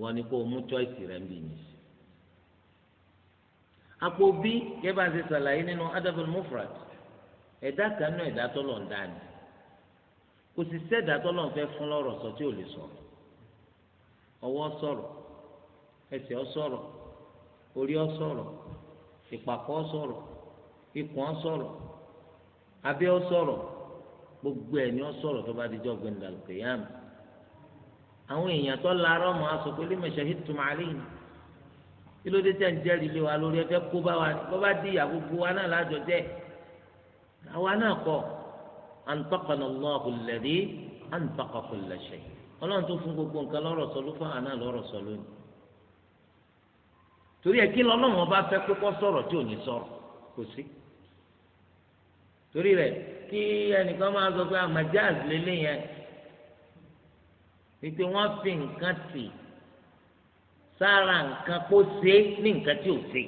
wọ́n ní kó o mú choice rẹ̀ ń bì yìí àpò bí kẹ́bà ṣe ṣàlàyé nínú adabul mufrad ẹ̀dá kan náà ẹ̀dá tọ́lọ̀ ń dání kò sì sẹ́dá tọ́lọ̀ ń fẹ́ fún lọ́rọ̀ sọ tí ò lè sọ̀rọ̀ ọwọ́ sọ̀rọ̀ ẹsẹ̀ ọ orí ọ sọ̀rọ̀ ìpàkọ́ ikùn ọ àbí ọ sọ̀rọ̀ gbogbo ẹ̀ ni ọ sọ̀rọ̀ tó bá di jọ́ gbẹ̀ndà yá mi. àwọn èèyàn tó larọ́ mọ́ aṣọ pé kí ló dé tẹ̀ ń wa lórí ẹgbẹ́ kó bá wa bó bá di ìyà gbogbo wa náà lájọ jẹ́ àwa náà kọ́ ọlọ́run tó fún gbogbo nǹkan lọ́rọ̀ sọ ló fún àná lọ́rọ̀ sọ torí rẹ̀ kí ẹnìkan máa sọ pé amajaz lélẹ̀ yẹn wípé wọ́n fi nǹkan tì sára nǹkan kó ṣe ní nǹkan tí ò ṣe.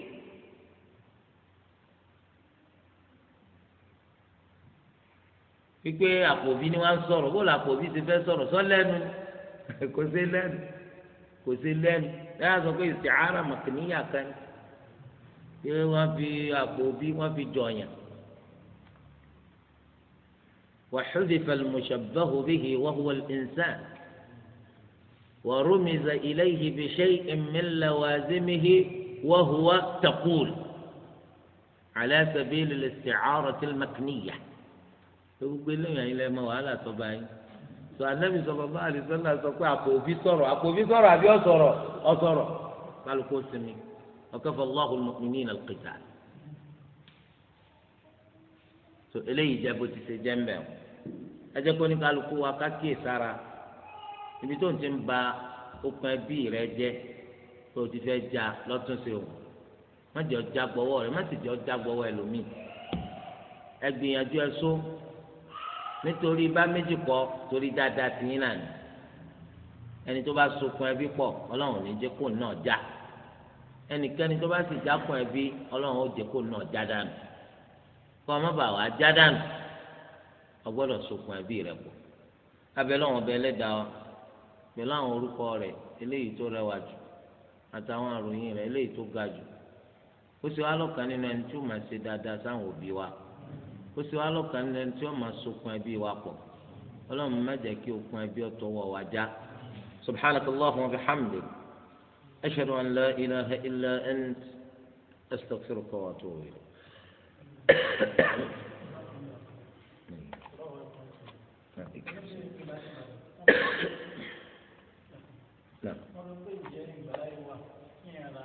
wípé àpòbí ni wọ́n sọ̀rọ̀ bó la àpòbí ti fẹ́ sọ̀rọ̀ sọ lẹ́nu *laughs* kò sí lẹ́nu kò sí lẹ́nu lẹ́yìn àti sọ pé ìsìára màkìníyà kan ni pé wọ́n fi àpòbí wọ́n fi jọ̀yàn. وحذف المشبه به وهو الإنسان ورمز إليه بشيء من لوازمه وهو تقول على سبيل الاستعارة المكنية تقول لهم يعني لما ولا صباي سؤال النبي صلى الله عليه وسلم سأقول أكو في صرع أكو في صرع أبي أصرع أصرع قالوا كو سمي وكفى الله المؤمنين القتال سؤالي جابوا تسجنبهم ẹjẹ kó ní kálukú wa ká kíyè sára ibi tó ń ti ń ba okùn ẹbí rẹ jẹ tó o ti fẹ́ já lọ́túnṣe o má jẹ́ ọjà gbọ́wọ́ rẹ má sì jẹ́ ọjà gbọ́wọ́ ẹlòmíì ẹ gbìyànjú ẹ só nítorí bá méjì pọ̀ torí dáadáa ti yín náà ni ẹni tó bá sokùn ẹbí pọ̀ ọlọ́run ò ní jẹ́ kó náà já ẹnikẹ́ni tó bá sì já kùn ẹbí ọlọ́run ó jẹ́ kó náà já dànù kọ́ ọ má bàa wá já dànù ọgbọ́dọ̀ sokùn ẹbí rẹ̀ pọ̀ abẹ́lẹ́ wọn bẹ ẹlẹ́dàá wa pẹ̀lú àwọn orúkọ rẹ̀ eléyìí tó rẹwà jù àtàwọn àròyìn rẹ̀ eléyìí tó ga jù ó sì wá lọ́kàn nínú ẹni tí ó máa ṣe dáadáa sáwọn òbí wa ó sì wá lọ́kàn nínú ẹni tí ó máa sokùn ẹbí wa pọ̀ ọlọ́run má jẹ́ kí okùn ẹbí ọ̀tọ̀ wọ̀ wá já subhanaka allahumma wa bihamdik ashhadu an la ilaha illa ant astaghfiruka wa atubu ilayk náà. wọ́n pè jẹ́ ìgbàlá ìwà kí ara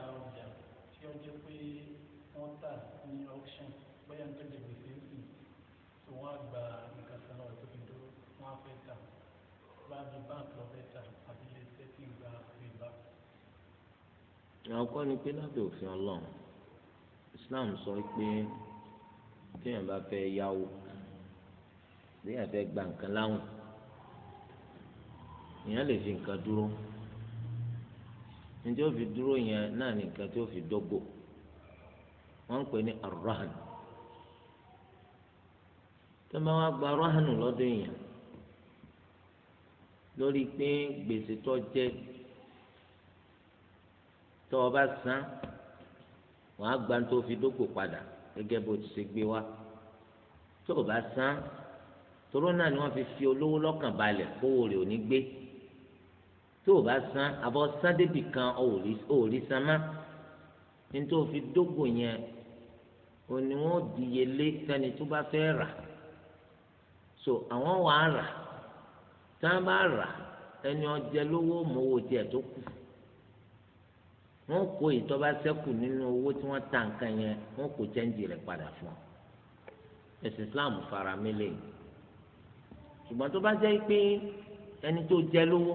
ni pé lábẹ́ òfin ọlọ́run Islam sọ pé téèyàn bá fẹ́ yáwó èèyàn fẹ́ gba nǹkan láwìn èèyàn lè fi nǹkan dúró ní tí ó fi dúró yẹn náà ní nǹkan tí ó fi dógò wọ́n ń pè ní arahan tó bá wá gba arahan lọ́dọ̀ èèyàn lórí pé gbèsè tó jẹ tó o bá san wàá gba tó fi dógò padà gẹ́gẹ́ bó ti ṣe gbé wá tó o bá san toró náà ni wọ́n fi fi olówó lọ́kàn balẹ̀ kówó rẹ̀ ò ní gbé tó o bá san àbọ̀ sádébì kan ò rí san má ní fi dógò yẹn o ní wọ́n dìyelé kẹ́ni tó bá fẹ́ rà so àwọn wàá rà tá a bá rà ẹni ọjẹ lówó mowó tiẹ̀ tó kù wọ́n kó ìtọ́ba sẹ́kù nínú owó tí wọ́n ta nǹkan yẹn wọ́n kó chẹ́ńjì rẹ̀ padà fún ẹ̀sìn Islam fara mi lẹ́yìn ṣùgbọ́n tó bá jẹ́ pé ẹni tó jẹ lówó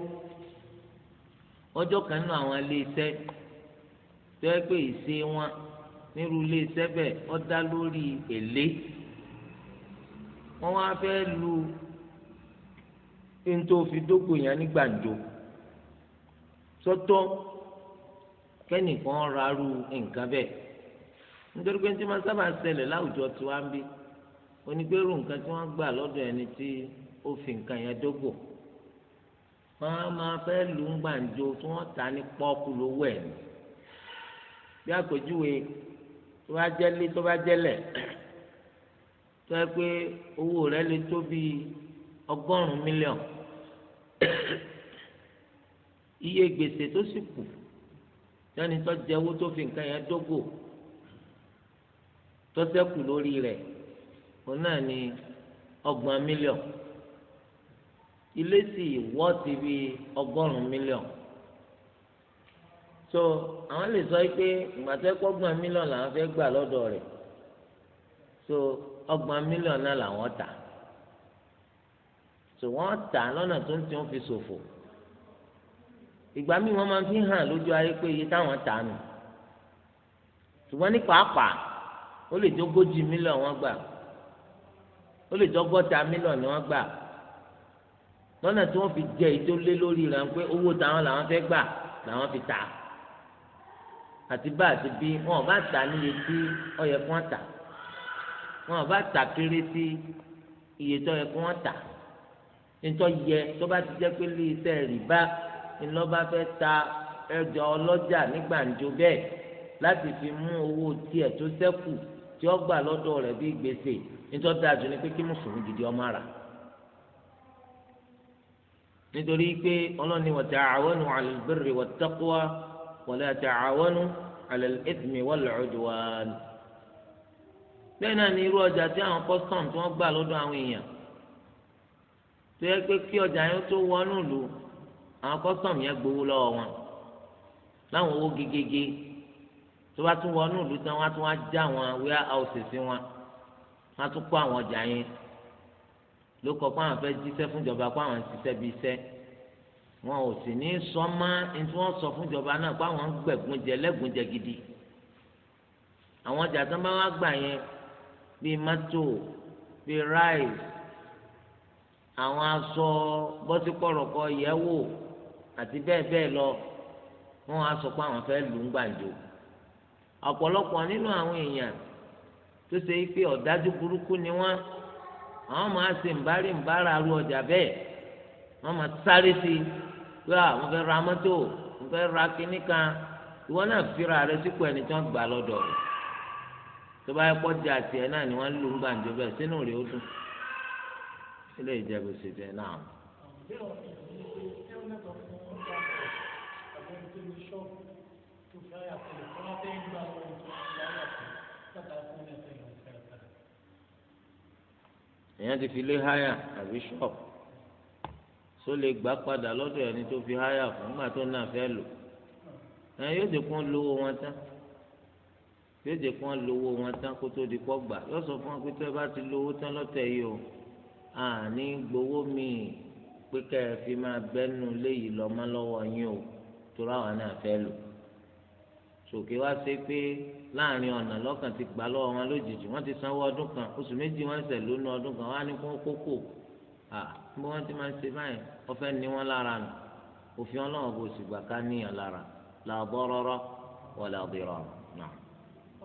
ọjọ́ kan nínú àwọn ilé iṣẹ́ tó yẹ pé ìṣe wọn nírú ilé iṣẹ́ bẹ́ẹ̀ ó dá lórí èlé wọ́n wá fẹ́ lu ntó fi dógò yẹn ní gbàǹjo sọ́tọ̀ kẹ́nìkan rárú nǹkan bẹ́ẹ̀ nítorí pé tí wọ́n sábà ṣẹlẹ̀ láwùjọ tí wọ́n á ń bí onígbèrú nǹkan tí wọ́n gbà lọ́dọ̀ ẹni Tí ó fi nǹkan yẹn dógò wọn á máa fẹ́ lù ń gbàǹjo tí wọ́n ta ní pọ́ọ́kú lówó ẹ̀ ní bí àpèjúwe tó bá jẹ́lé tó bá jẹ́lẹ̀ tó yẹ pé owó rẹ̀ lè tó bíi ọgọ́rùn-ún iye gbèsè tó sì kù sani tó jẹ owó tó fi nǹkan yẹn dógò tó ṣẹ́kù lórí rẹ̀ òun náà ní ọgbọ̀n mílíọ̀n ilé sì wọ́ ti bí ọgọ́rùn-ún mílíọ̀n so àwọn lè sọ pé ìgbàsẹ́kọ̀gbọ̀n mílíọ̀n làwọn fẹ́ gbà lọ́dọ̀ rẹ̀ so ọgbọ̀n mílíọ̀n náà làwọn tà so wọ́n tà lọ́nà tó ń tí wọ́n fi ṣòfò ìgbà míì wọ́n máa fi hàn lójú ayé pé iye táwọn tà nù ṣùgbọ́n ní pàápàá ó lè mílíọ̀n wọ́n gbà ó lè mílíọ̀n ni wọ́n lọ́nà tí wọ́n fi jẹ èyí tó lé lórí rẹ̀ pé owó táwọn làwọn fẹ́ gbà làwọn fi tà àti bá àti bí wọn ò bá tà níye tí ó yẹ kí wọ́n tà wọn ò bá tà kéré sí iye tó yẹ kí wọ́n tà nítorí yẹ tó bá ti jẹ́ pé lé iṣẹ́ rìbá ńlọ́ba fẹ́ ta ẹjọ́ ọlọ́jà nígbàǹjo bẹ́ẹ̀ láti fi mú owó tiẹ̀ tó ṣẹ́kù tí ó gbà lọ́dọ̀ rẹ̀ bí gbèsè nítorí dájú ni pé kí mùsùlùmí gidi ọmọ rà nítorí pé ọlọ́ni wa ta'awanu 'ala al-birri wat-taqwa wa la ta'awanu 'ala al-ithmi wal-'udwan. bẹ́ẹ̀ náà ni irú ọjà tí àwọn custom tí wọ́n gbà lọ́dọ̀ àwọn èèyàn tó yẹ pé kí ọjà yẹn tó wọnú lù àwọn custom yẹn gbowó lọ́wọ́ wọn láwọn owó gegege tó bá tún wọnú lù tán wọ́n á tún wá já àwọn warehouses wọn wọ́n á tún kó àwọn ọjà yẹn ló kọ pé àwọn fẹ́ jíṣẹ́ fúnjọba pé àwọn ń ṣiṣẹ́ bí iṣẹ́ wọn ò sì ní sọ mọ́ ẹni tí wọ́n sọ fúnjọba náà pé àwọn ń gbẹ̀gúnjẹ lẹ́gúnjẹ gidi àwọn ọjà tó bá wá gbà yẹn bíi mọ́tò bíi ráìsì àwọn aṣọ bọ́sípọ̀rọ̀kọ yẹ̀wò àti bẹ́ẹ̀ bẹ́ẹ̀ lọ wọ́n á sọ pé àwọn fẹ́ lù ú gbàǹjo ọ̀pọ̀lọpọ̀ nínú àwọn èèyàn tó ṣe pé ọ̀dájú burúkú ni wọ́n àwọn máa ṣe ńbárí ńbára arú ọjà bẹ́ẹ̀ wọ́n máa sáré sí i pé à mo fẹ́ ra mọ́tò mo fẹ́ ra kinní kan ìwọ náà fira rẹ sípò ẹni tí wọ́n gbà lọ́dọ̀ rẹ̀ tó bá yẹ kó di àti náà ni wọ́n lù ń gbàǹjo bẹ́ẹ̀ sínú rẹ̀ ó dùn ilé ìjẹ́bù sì jẹ́ náà. èèyàn ti fi lé háyà àbí ṣọ́ọ̀bù tó lè gbà padà lọ́dọ̀ ẹni tó fi háyà fún nígbà tó náà fẹ́ lò ẹ yóò dé kún lówó wọn tán yóò dé kún lówó wọn tán kó tó di pọ́ gbà yóò sọ fún wọn pé tó bá ti lówó tán lọ́tẹ̀ yìí o àní gbowó míì pé ká ẹ fi máa bẹ́nu léyìí lọ́mọ́ lọ́wọ́ yín o tó ráwọn náà fẹ́ lò sòkè wá ṣe pé láàrin ọ̀nà lọ́kàn ti gbà lọ́wọ́ wọn lójijì wọ́n ti sanwó ọdún kan oṣù méjì wọ́n ṣẹ̀ lónú ọdún kan wọ́n á ní kó kókò à bí wọ́n ti máa ń ṣe báyìí ọ̀fẹ́ ni wọ́n lára nù òfin ọlọ́run kò sì gbà ká níyàn lára làbọ́rọ́rọ́ wọlé ọ̀dẹ̀rọ̀ náà.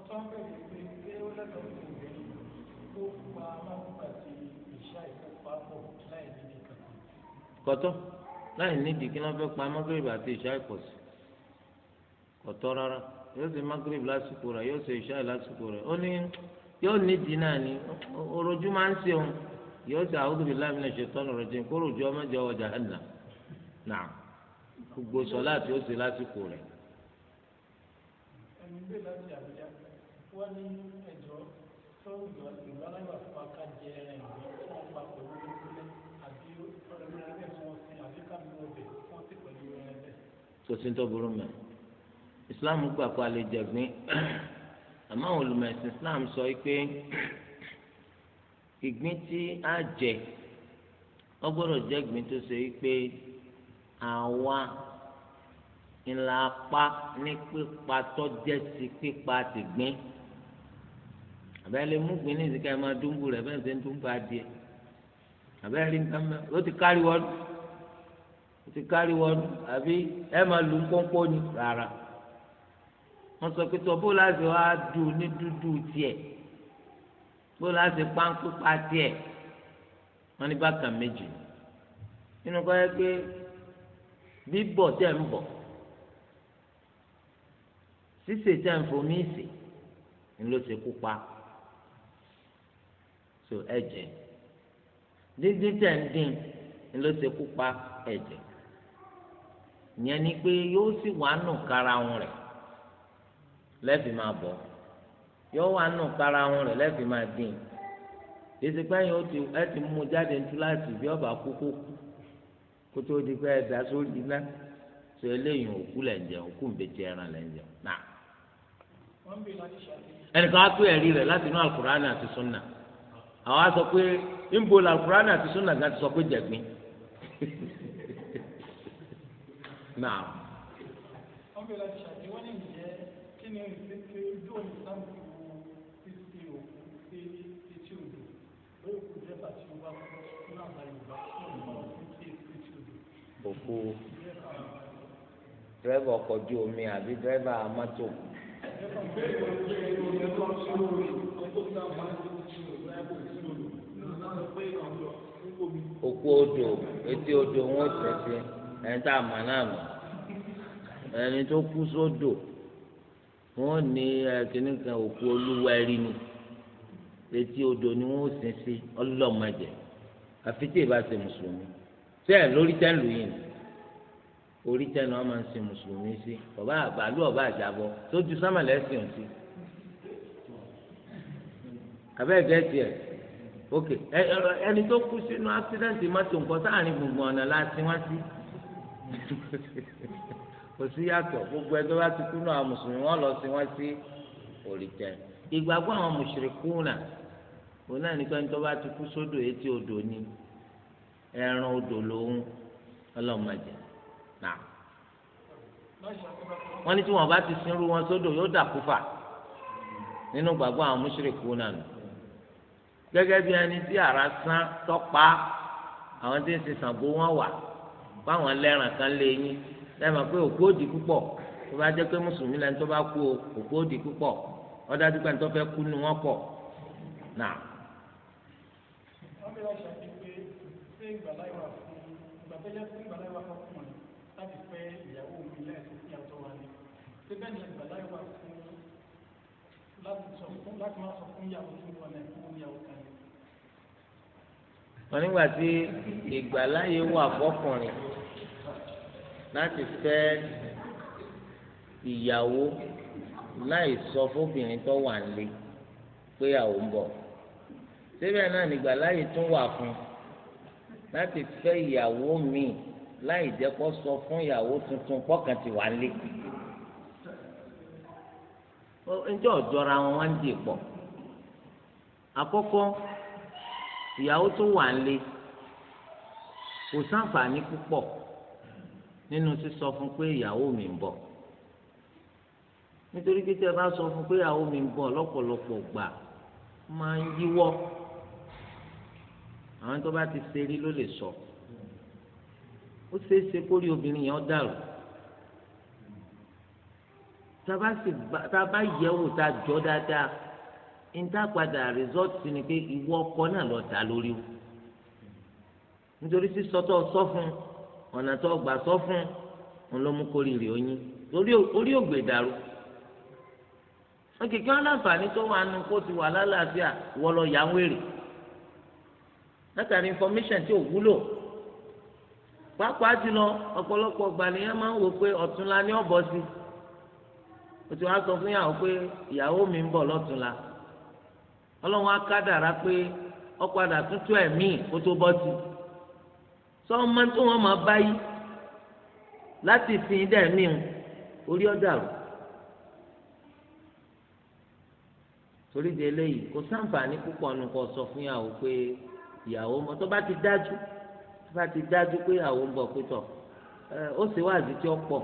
ọ̀sán bẹ̀rẹ̀ pé pé ó lẹ́tọ̀ọ́ ìgbìyànjú láì nídìí kí wọ́n fẹ́ pa amáhùn àti ìṣá ìpọ̀sí kọ́tọ́ rárá yóò ṣe magrib lásìkò rẹ̀ yóò ṣe ìṣá lásìkò rẹ̀ ó ní yóò ní dínà ni òròjú máa ń ṣe òun yóò ṣe a'udhu billahi minash shaitani rajim kó ròjú ọmọ jẹ ọjà hànà nà gbogbo sọlá tí ó ṣe lásìkò rẹ̀. ẹni bẹ́ẹ̀ láti islam gbà pé a lè jẹ̀gbín *clears throat* àmọ́ àwọn olùmọ̀ẹ̀sìn islam sọ pé *clears throat* ìgbín tí a jẹ ó gbọ́dọ̀ jẹ́ ìgbín tó ṣe pé àwa ńlá pa ní pípa tó jẹ́ sí pípa tìgbín àbẹ́lẹ́ múgbìn ní ìsìnká ẹ̀ máa dúnbù rẹ̀ bẹ́ẹ̀ ṣe ń dúnbù adìẹ àbẹ́rẹ́ nǹkan mẹ́ ó ti kárí wọ́n ó ti kárí wọ́n àbí ẹ máa lu kọ́ńkọ́ ni rárá wọ́n sọ pé tó bó láti wá du ní dúdú tiẹ̀ bó láti páńpípa tiẹ̀ wọ́n ní bákan méjì nínú kọ́ yẹ pé bíbọ̀ tẹ̀ ń bọ̀ sísè tẹ̀ ń fomi ìsè ńlọ sí kópa so ẹ̀jẹ̀ díndín tẹ̀ ń dín ńlọ sí kópa ẹ̀jẹ̀ ìyẹn ni pé yóò sì wà nù karahun rẹ̀. lẹ́ẹ̀fì máa bọ̀ yóò wá nù kára ahun rẹ lẹ́ẹ̀fì máa dín èsì pẹ́yìn ó ti mú jáde ní túláàsì bí ọba kó tó di pé ẹ̀dá sórí iná tó eléyìí òkú lẹ̀ ń jẹun òkú ń ẹran lẹ̀ ń jẹun náà. ẹnìkan á ẹ̀rí rẹ̀ láti inú àti sunna àwọn á sọ pé ti sọ pé *laughs* kí ni ìfẹ́ ojú òní sáàmù ti wo títí òkú sí títí òdò lórí kù dẹ́fà tí ó bá kú náà bá yorùbá tí ó bá kú sí títí òdò. òkú dírẹ́bà ọkọ̀ ojú omi àbí dírẹ́bà mọ́tò. òkú odò etí odò wọn ò ẹni tá a mọ̀ náà mọ̀ ẹni tó kú sódò. So wọ́n ní kíní kan òkú olúwa ẹ̀rí ni létí odò ni wọ́n sin sí ọlọ́mọdé àfi tí ìbá ṣe mùsùlùmí sẹ́ẹ̀ lórí tẹ́lù yìí ni orí tẹ́nu wọn máa ń sin mùsùlùmí sí ọba àbálù ọba àjàbọ tó ju sámàlẹ́ sìn sí abẹ́ẹ̀gẹ́ tiẹ̀ ok ẹni tó kú sínú accident mọ́tò nǹkan sáàrin gbùngbùn ọ̀nà láti wá sí. *laughs* kò sí yàtọ̀ gbogbo ẹgbẹ́ bá ti kú náà mùsùlùmí wọn lọ sí wọn sí òrìtẹ ìgbàgbọ́ àwọn mùṣírikù náà òun náà nípa ẹni tó bá ti kú sódò etí odò ni ẹran odò lòun ọlọ́mọdé náà wọ́n ní tí wọ́n bá ti sinrú wọn sódò yóò dàkú fà nínú gbàgbọ́ àwọn mùṣírikù náà nù gẹ́gẹ́ bí ẹni tí ara sán tọ́pa àwọn tí ń sin Ṣàngó wọn wà báwọn lẹ́ràn kan lé yín lẹ́mọ̀ pé òkú òdì púpọ̀ tó bá jẹ́ pé mùsùlùmí lẹ́ni tó bá kú òkú òdì púpọ̀ ọ̀dà tó pẹ́ ní tó fẹ́ kú nu wọn pọ̀ náà. wọ́n bí wọ́n ṣe àti pé ṣé ìgbà láì wà fún ìgbà tó yẹ fún ìgbà láì wà fún ọkùnrin láti fẹ́ ìyàwó mi lẹ́ẹ̀sì sí àtọ́ wa ni ṣé bẹ́ẹ̀ ni ìgbà láì wà fún láti sọ fún láti má sọ fún ìyàwó tó wà náà fún ìyàwó kan wọ́n nígbà tí ìgbàláyé wà fọkùnrin láti fẹ́ ìyàwó láì sọ fóbìnrin tó wà nílé pé àwọn ń bọ̀ síbẹ̀ náà nígbà láyé tún wà fún láti fẹ́ ìyàwó míì láì jẹ́ kó sọ fún ìyàwó tuntun pọ́kàn ti wà nílé njẹ́ ọ̀jọ́ra wọn wá ń dì pọ̀ àkọ́kọ́ ìyàwó tó wà nílé kò sáǹfààní púpọ̀ nínú sísọ fún pé ìyàwó mi ń bọ̀ nítorí pé tí a bá sọ fún pé ìyàwó mi ń bọ̀ lọ́pọ̀lọpọ̀ gbà máa ń yíwọ́ àwọn tó bá ti ṣe rí ló lè sọ ó ṣeé ṣe kó rí obìnrin yẹn ó dàrú tá a bá yẹ̀wò tá a jọ dáadáa ìntàpadà rìsọ́ọ̀tì ni pé ìwọ ọkọ náà lọ dá lórí o nítorí sísọ tó sọ fún un ọ̀nà tó gbà sọ fún un ló mú kórìrì oyin orí ògbè dàrú wọn kìkì wọn láǹfààní tó wà nù kó ti wà lálàáfíà a lọ yà ń wèrè látàrí information tí ò wúlò pàápàá jùlọ ọ̀pọ̀lọpọ̀ ọgbà nìyẹn máa ń wò pé ọ̀túnla ní o ti wá sọ fún yàwó pé ìyàwó mi ń bọ̀ lọ́túnla ọlọ́run á kádàrá pé ọ̀padà tuntun ẹ̀mí kó sọ ọmọ tó wọn máa bá yí láti fi dẹ́ẹ̀mí orí ọ̀dà rò torí de eléyìí kò sáǹfààní púpọ̀ nù kó sọ fún yàwó pé ìyàwó mọ tó bá ti dájú tó bá ti dájú pé ìyàwó ń bọ̀ pé tọ̀ ó sì wá àzì tí ó pọ̀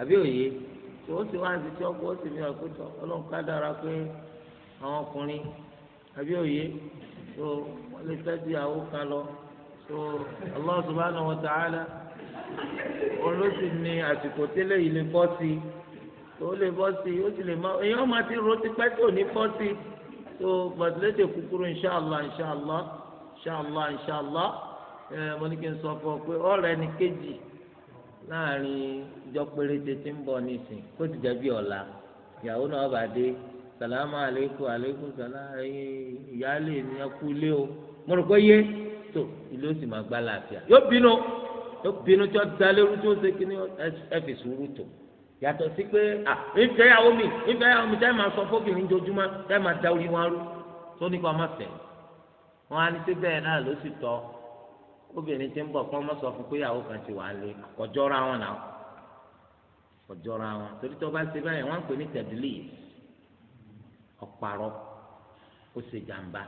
àbí òye tí ó sì wá àzì tí ó pọ̀ ó sì fi hàn pé ọlọ́run ká dára pé àwọn ọkùnrin àbí òye tó wọ́n lè fẹ́ di ìyàwó kan lọ tó Allah subhanahu wa ta'ala olóṣì ní àsìkò tẹ́lẹ̀ yìí lè bọ́ sí tó lè bọ́ sí ó sì lè ti ro tipẹ́ tó ní bọ́ sí tó kukuru kúkúrú inṣàlá inṣàlá inṣàlá inṣàlá ẹ mo ní kí n sọ fún ọ pé kejì láàrin ìjọ péréte ń bọ̀ nísìn kó ti jẹ́ bí ọ̀la ìyàwó náà bá dé o mo rò pé yé. tó ilé ó sì máa gbá láàfíà yóò bínú yóò bínú tí wọ́n da lérú tí ó ṣe kí ni ẹ fi sùúrù tó yàtọ̀ sí pé à ìfẹ́yàwó mi ìfẹ́yàwó mi táyà máa sọ fóbìnrin jojúmọ́ táyà máa da orí wọn rú tó ní kó má fẹ́ wọn á ní sí bẹ́ẹ̀ náà ló sì tọ́ obìnrin tí ń bọ̀ kọ́ mọ́ sọ fún pé ìyàwó kan ti wà lé kọjọ́ra wọn náà kọjọ́ra wọn torí tó bá ṣe báyìí wọ́n pè ní tẹ̀dílì ọ̀pàrọ̀ ó ṣe jàǹbá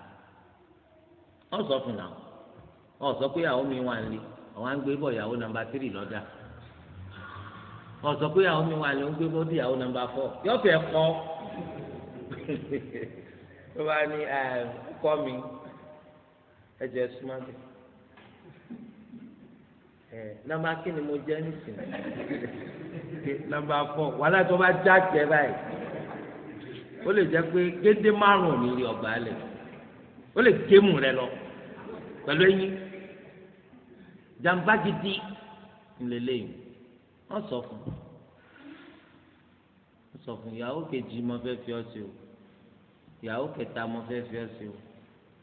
wọ́n sọ fún náà ọ sọ pé ìyàwó mi wà nílé àwọn á ń gbé bọ̀ ìyàwó nàmbà tírì lọ́dà ọ sọ pé ìyàwó mi wà nílé ó ń gbé bọ̀ ìyàwó nàmbà fọ́ yọ̀fẹ̀ kọ́ tó bá ní kọ́ mi ẹ jẹ́ súnmọ́ bẹ́ẹ̀ kí ni mo jẹ nísìnyí nọmba fọ wàhálà tó bá já jẹ báyìí ó lè jẹ pé gédé márùn mi rí ọgbà lẹ ó lè gémù rẹ lọ pẹ̀lú ẹyin jàǹbá gidi ńlẹlẹyìn wọn sọ fún wọn sọ fún ìyàwó kejì mo fẹ́ fi ọ́ sí o ìyàwó kẹta mo fẹ́ fi ọ́ sí o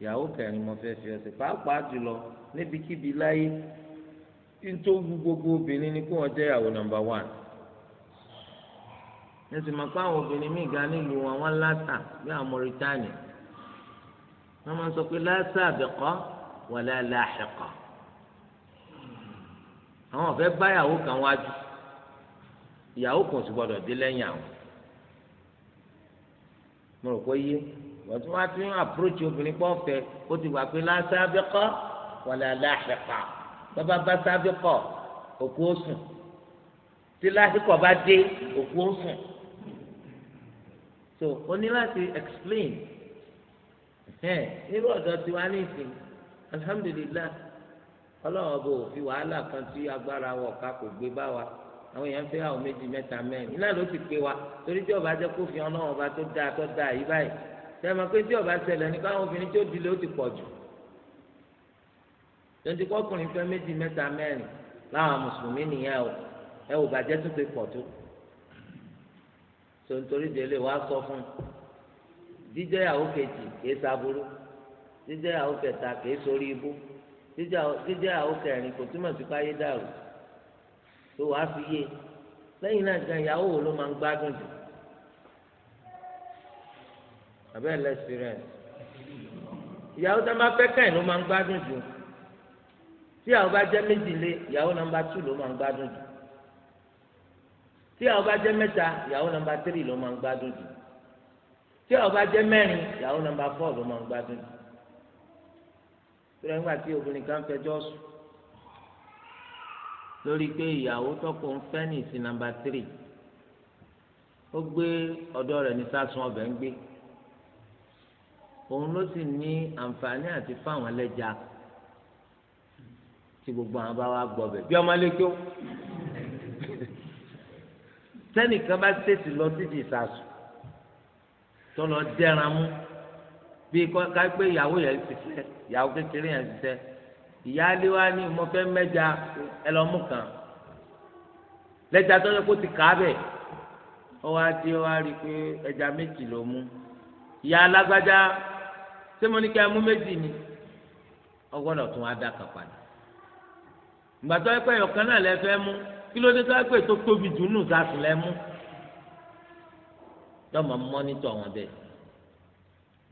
ìyàwó kẹrin mo fẹ́ fi ọ́ sí pàápàá jùlọ níbikíbi láyé nítorí gbogbo obìnrin ni kó wọn jẹ́ ìyàwó nọ́mbà wán nítorí máa pa àwọn obìnrin míì ga nílùú wọn wọn láṣà bí àwọn Mauritania wọn máa sọ pé la sabiqa wala lahiqa àwọn ọ̀fẹ́ báyàwó kan wájú ìyàwó kan sì gbọdọ̀ dé lẹ́yìn àwọn mo rò pé yé wọ́n tún wá tún àpúròchì obìnrin pọ̀ fẹ́ ó ti wà pé lásábẹ́kọ́ wọlé aláṣẹpà bàbá bá sábẹ́kọ́ òkú ó sùn tí lásìkò bá dé òkú ó sùn so o ní láti explain irú ọ̀dọ́ tiwa ní ìsìn alhamdulilayi ọlọ́run ọba ò fi wàhálà kan tí agbára wọ̀ ká kò gbé bá wa àwọn èèyàn fẹ́ àwọn méjì mẹ́ta mẹ́rin náà ló ti pé wa torí tí ọba jẹ́ kó fi ọlọ́run ọba tó dáa tó dáa yí báyìí sẹ́mi pé tí ọba ṣẹlẹ̀ ní káwọn obìnrin tó dilé ó ti pọ̀ jù tonti kọkùnrin fẹ́ méjì mẹ́ta mẹ́rin láwọn mùsùlùmí nìyẹn o ẹ ò bàjẹ́ tó ti pọ̀ tó tontori délé wàá sọ fún jíjẹ́ ìyàwó kejì kìí saburú jíjẹ́ ìyàwó kẹta kìí sórí ibú jíjẹ́ àwọn kẹrin kò túmọ̀ sí káyé dàrú tó wàá fi yé lẹ́yìn náà gan ìyàwó wo ló máa ń gbádùn jù abẹ́ lẹ́sìrẹ́ǹsì ìyàwó tá a máa fẹ́ kẹ́yìn ló máa ń gbádùn jù tí àwọn bá jẹ́ méjì lé ìyàwó nọ́mbà tù ló máa ń gbádùn jù tí àwọn bá jẹ́ mẹ́ta ìyàwó nọ́mbà tírì ló máa ń gbádùn jù tí àwọn bá jẹ́ mẹ́rin ìyàwó nọ́mbà fọ́ ló máa ń gbádùn jù rẹ̀ ńgbà tí obìnrin kan fẹjọ́ sùn lórí pé ìyàwó tọkọ ń fẹ́ ní ìsìn nàmbà tírì ó gbé ọ̀dọ́ rẹ̀ ní sásùn ọbẹ̀ ń gbé òun ló sì ní àǹfààní àti fáwọn ẹlẹ́ja tí gbogbo àwọn bá wá gbọbẹ̀ bí ọmọ lé sẹ́nìkan bá tètè lọ títì sásùn tó lọ mú bí ká pé ìyàwó yẹn ti fẹ́ ìyàwó kékeré yẹn ti fẹ́ ìyáálé wa ni mo fẹ́ mẹ́ja ẹ lọ mú kan lẹ́jà tó yẹ kó ti kà á bẹ̀ ọwọ́ adé wa rí i pé ẹja méjì ló mú ìyá alágbájá ṣé mo ní kí a mú méjì ni ọgbọ́dọ̀ tún wá dáka padà gbàtọ́ ẹ̀pẹ́ ọ̀kan náà lẹ fẹ́ mú kí ló dé tó ẹ̀pẹ́ tó tóbi jù nù sásùn lẹ mú yọ̀ọ́ mọ́nítọ̀ wọn bẹ́ẹ̀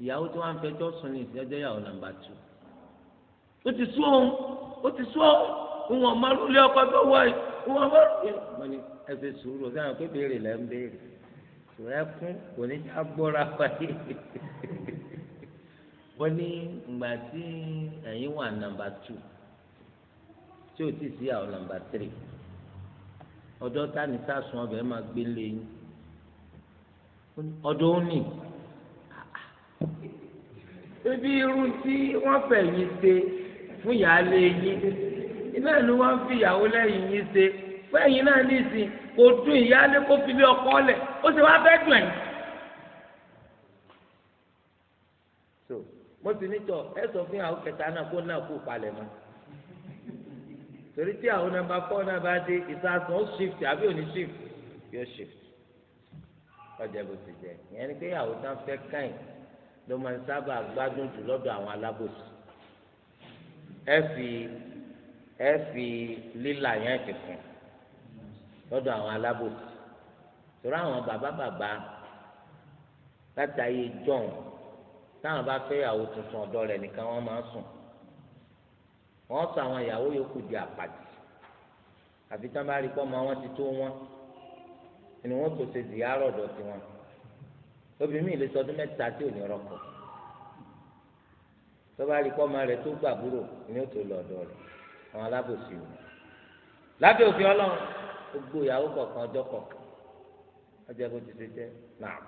ìyàwó tí wọ́n fẹjọ́ sùn ní ìfẹjọ́ ìyàwó nàmbà tù ó ti sú òun ó ti sú òun òun ọmọ lulẹ̀ ọkọ tó wọ ẹ òun ọmọ lulẹ̀ wọ́n ní ẹ fi sùúrù sáyẹn pé béèrè lẹ ń béèrè sùúrù ẹ kún kò ní ká gbọ́ra *laughs* wáyé wọ́n ní ìgbà tí ẹ̀yin wà nàmbà tù tí o ti sí àwọn nàmbà tírì ọ̀dọ̀ tani sásùn ọbẹ máa gbé lé òní ebi irú tí wọ́n fẹ̀yìn ṣe fún ìyáálé yín iná ni wọ́n fi ìyàwó lẹ́yìn yín ṣe fẹ̀yìn náà nísìn kò dùn ìyáálé kó fi lé ọkọ lẹ̀ ó sì wá fẹ́ dùn ẹ̀yìn. mo sì ní tọ ẹ sọ fún àwọn kẹta náà kó náà kó palẹ̀ mọ́ torí tí àwọn nàmbà fọ náà bá dé ìsàsùn ó shift àbí òní shift yóò shift ọjà bó ti jẹ ìyẹn ni pé àwọn tán fẹ́ káyìn ló máa ń sábà gbádùn jù lọ́dọ̀ àwọn alábòsí ẹ fi ẹ fi lílà yẹn ti fún lọ́dọ̀ àwọn alábòsí torí àwọn bàbá bàbá látàyè jọ̀hún táwọn bá fẹ́ ìyàwó tuntun ọ̀dọ́ rẹ̀ nìkan wọ́n máa ń sùn wọ́n sọ àwọn ìyàwó yòókù di àpàdé àfi tí wọ́n bá rí pọ́ mọ́ wọn ti tó wọn ni wọ́n tó ṣe dìyàrọ̀ ọ̀dọ̀ tiwọn obìnrin mi lè sọdún mẹ́ta tí ò ní rọkọ tó bá rí pọ́nmọ rẹ̀ tó gbàbúrò ni ó tó lọ ọ̀dọ̀ rẹ̀ àwọn alábòsí o lábẹ́ òfin ọlọ́run gbogbo ìyàwó kọ̀ọ̀kan ọjọ́ kọ̀ọ̀kan ọjọ́ kò ti ṣe jẹ́ náà.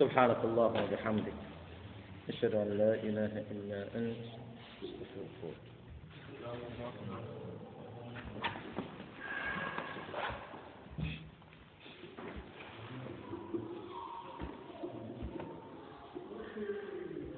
سبحانك اللهم وبحمدك أشهد أن لا إله إلا أنت أستغفرك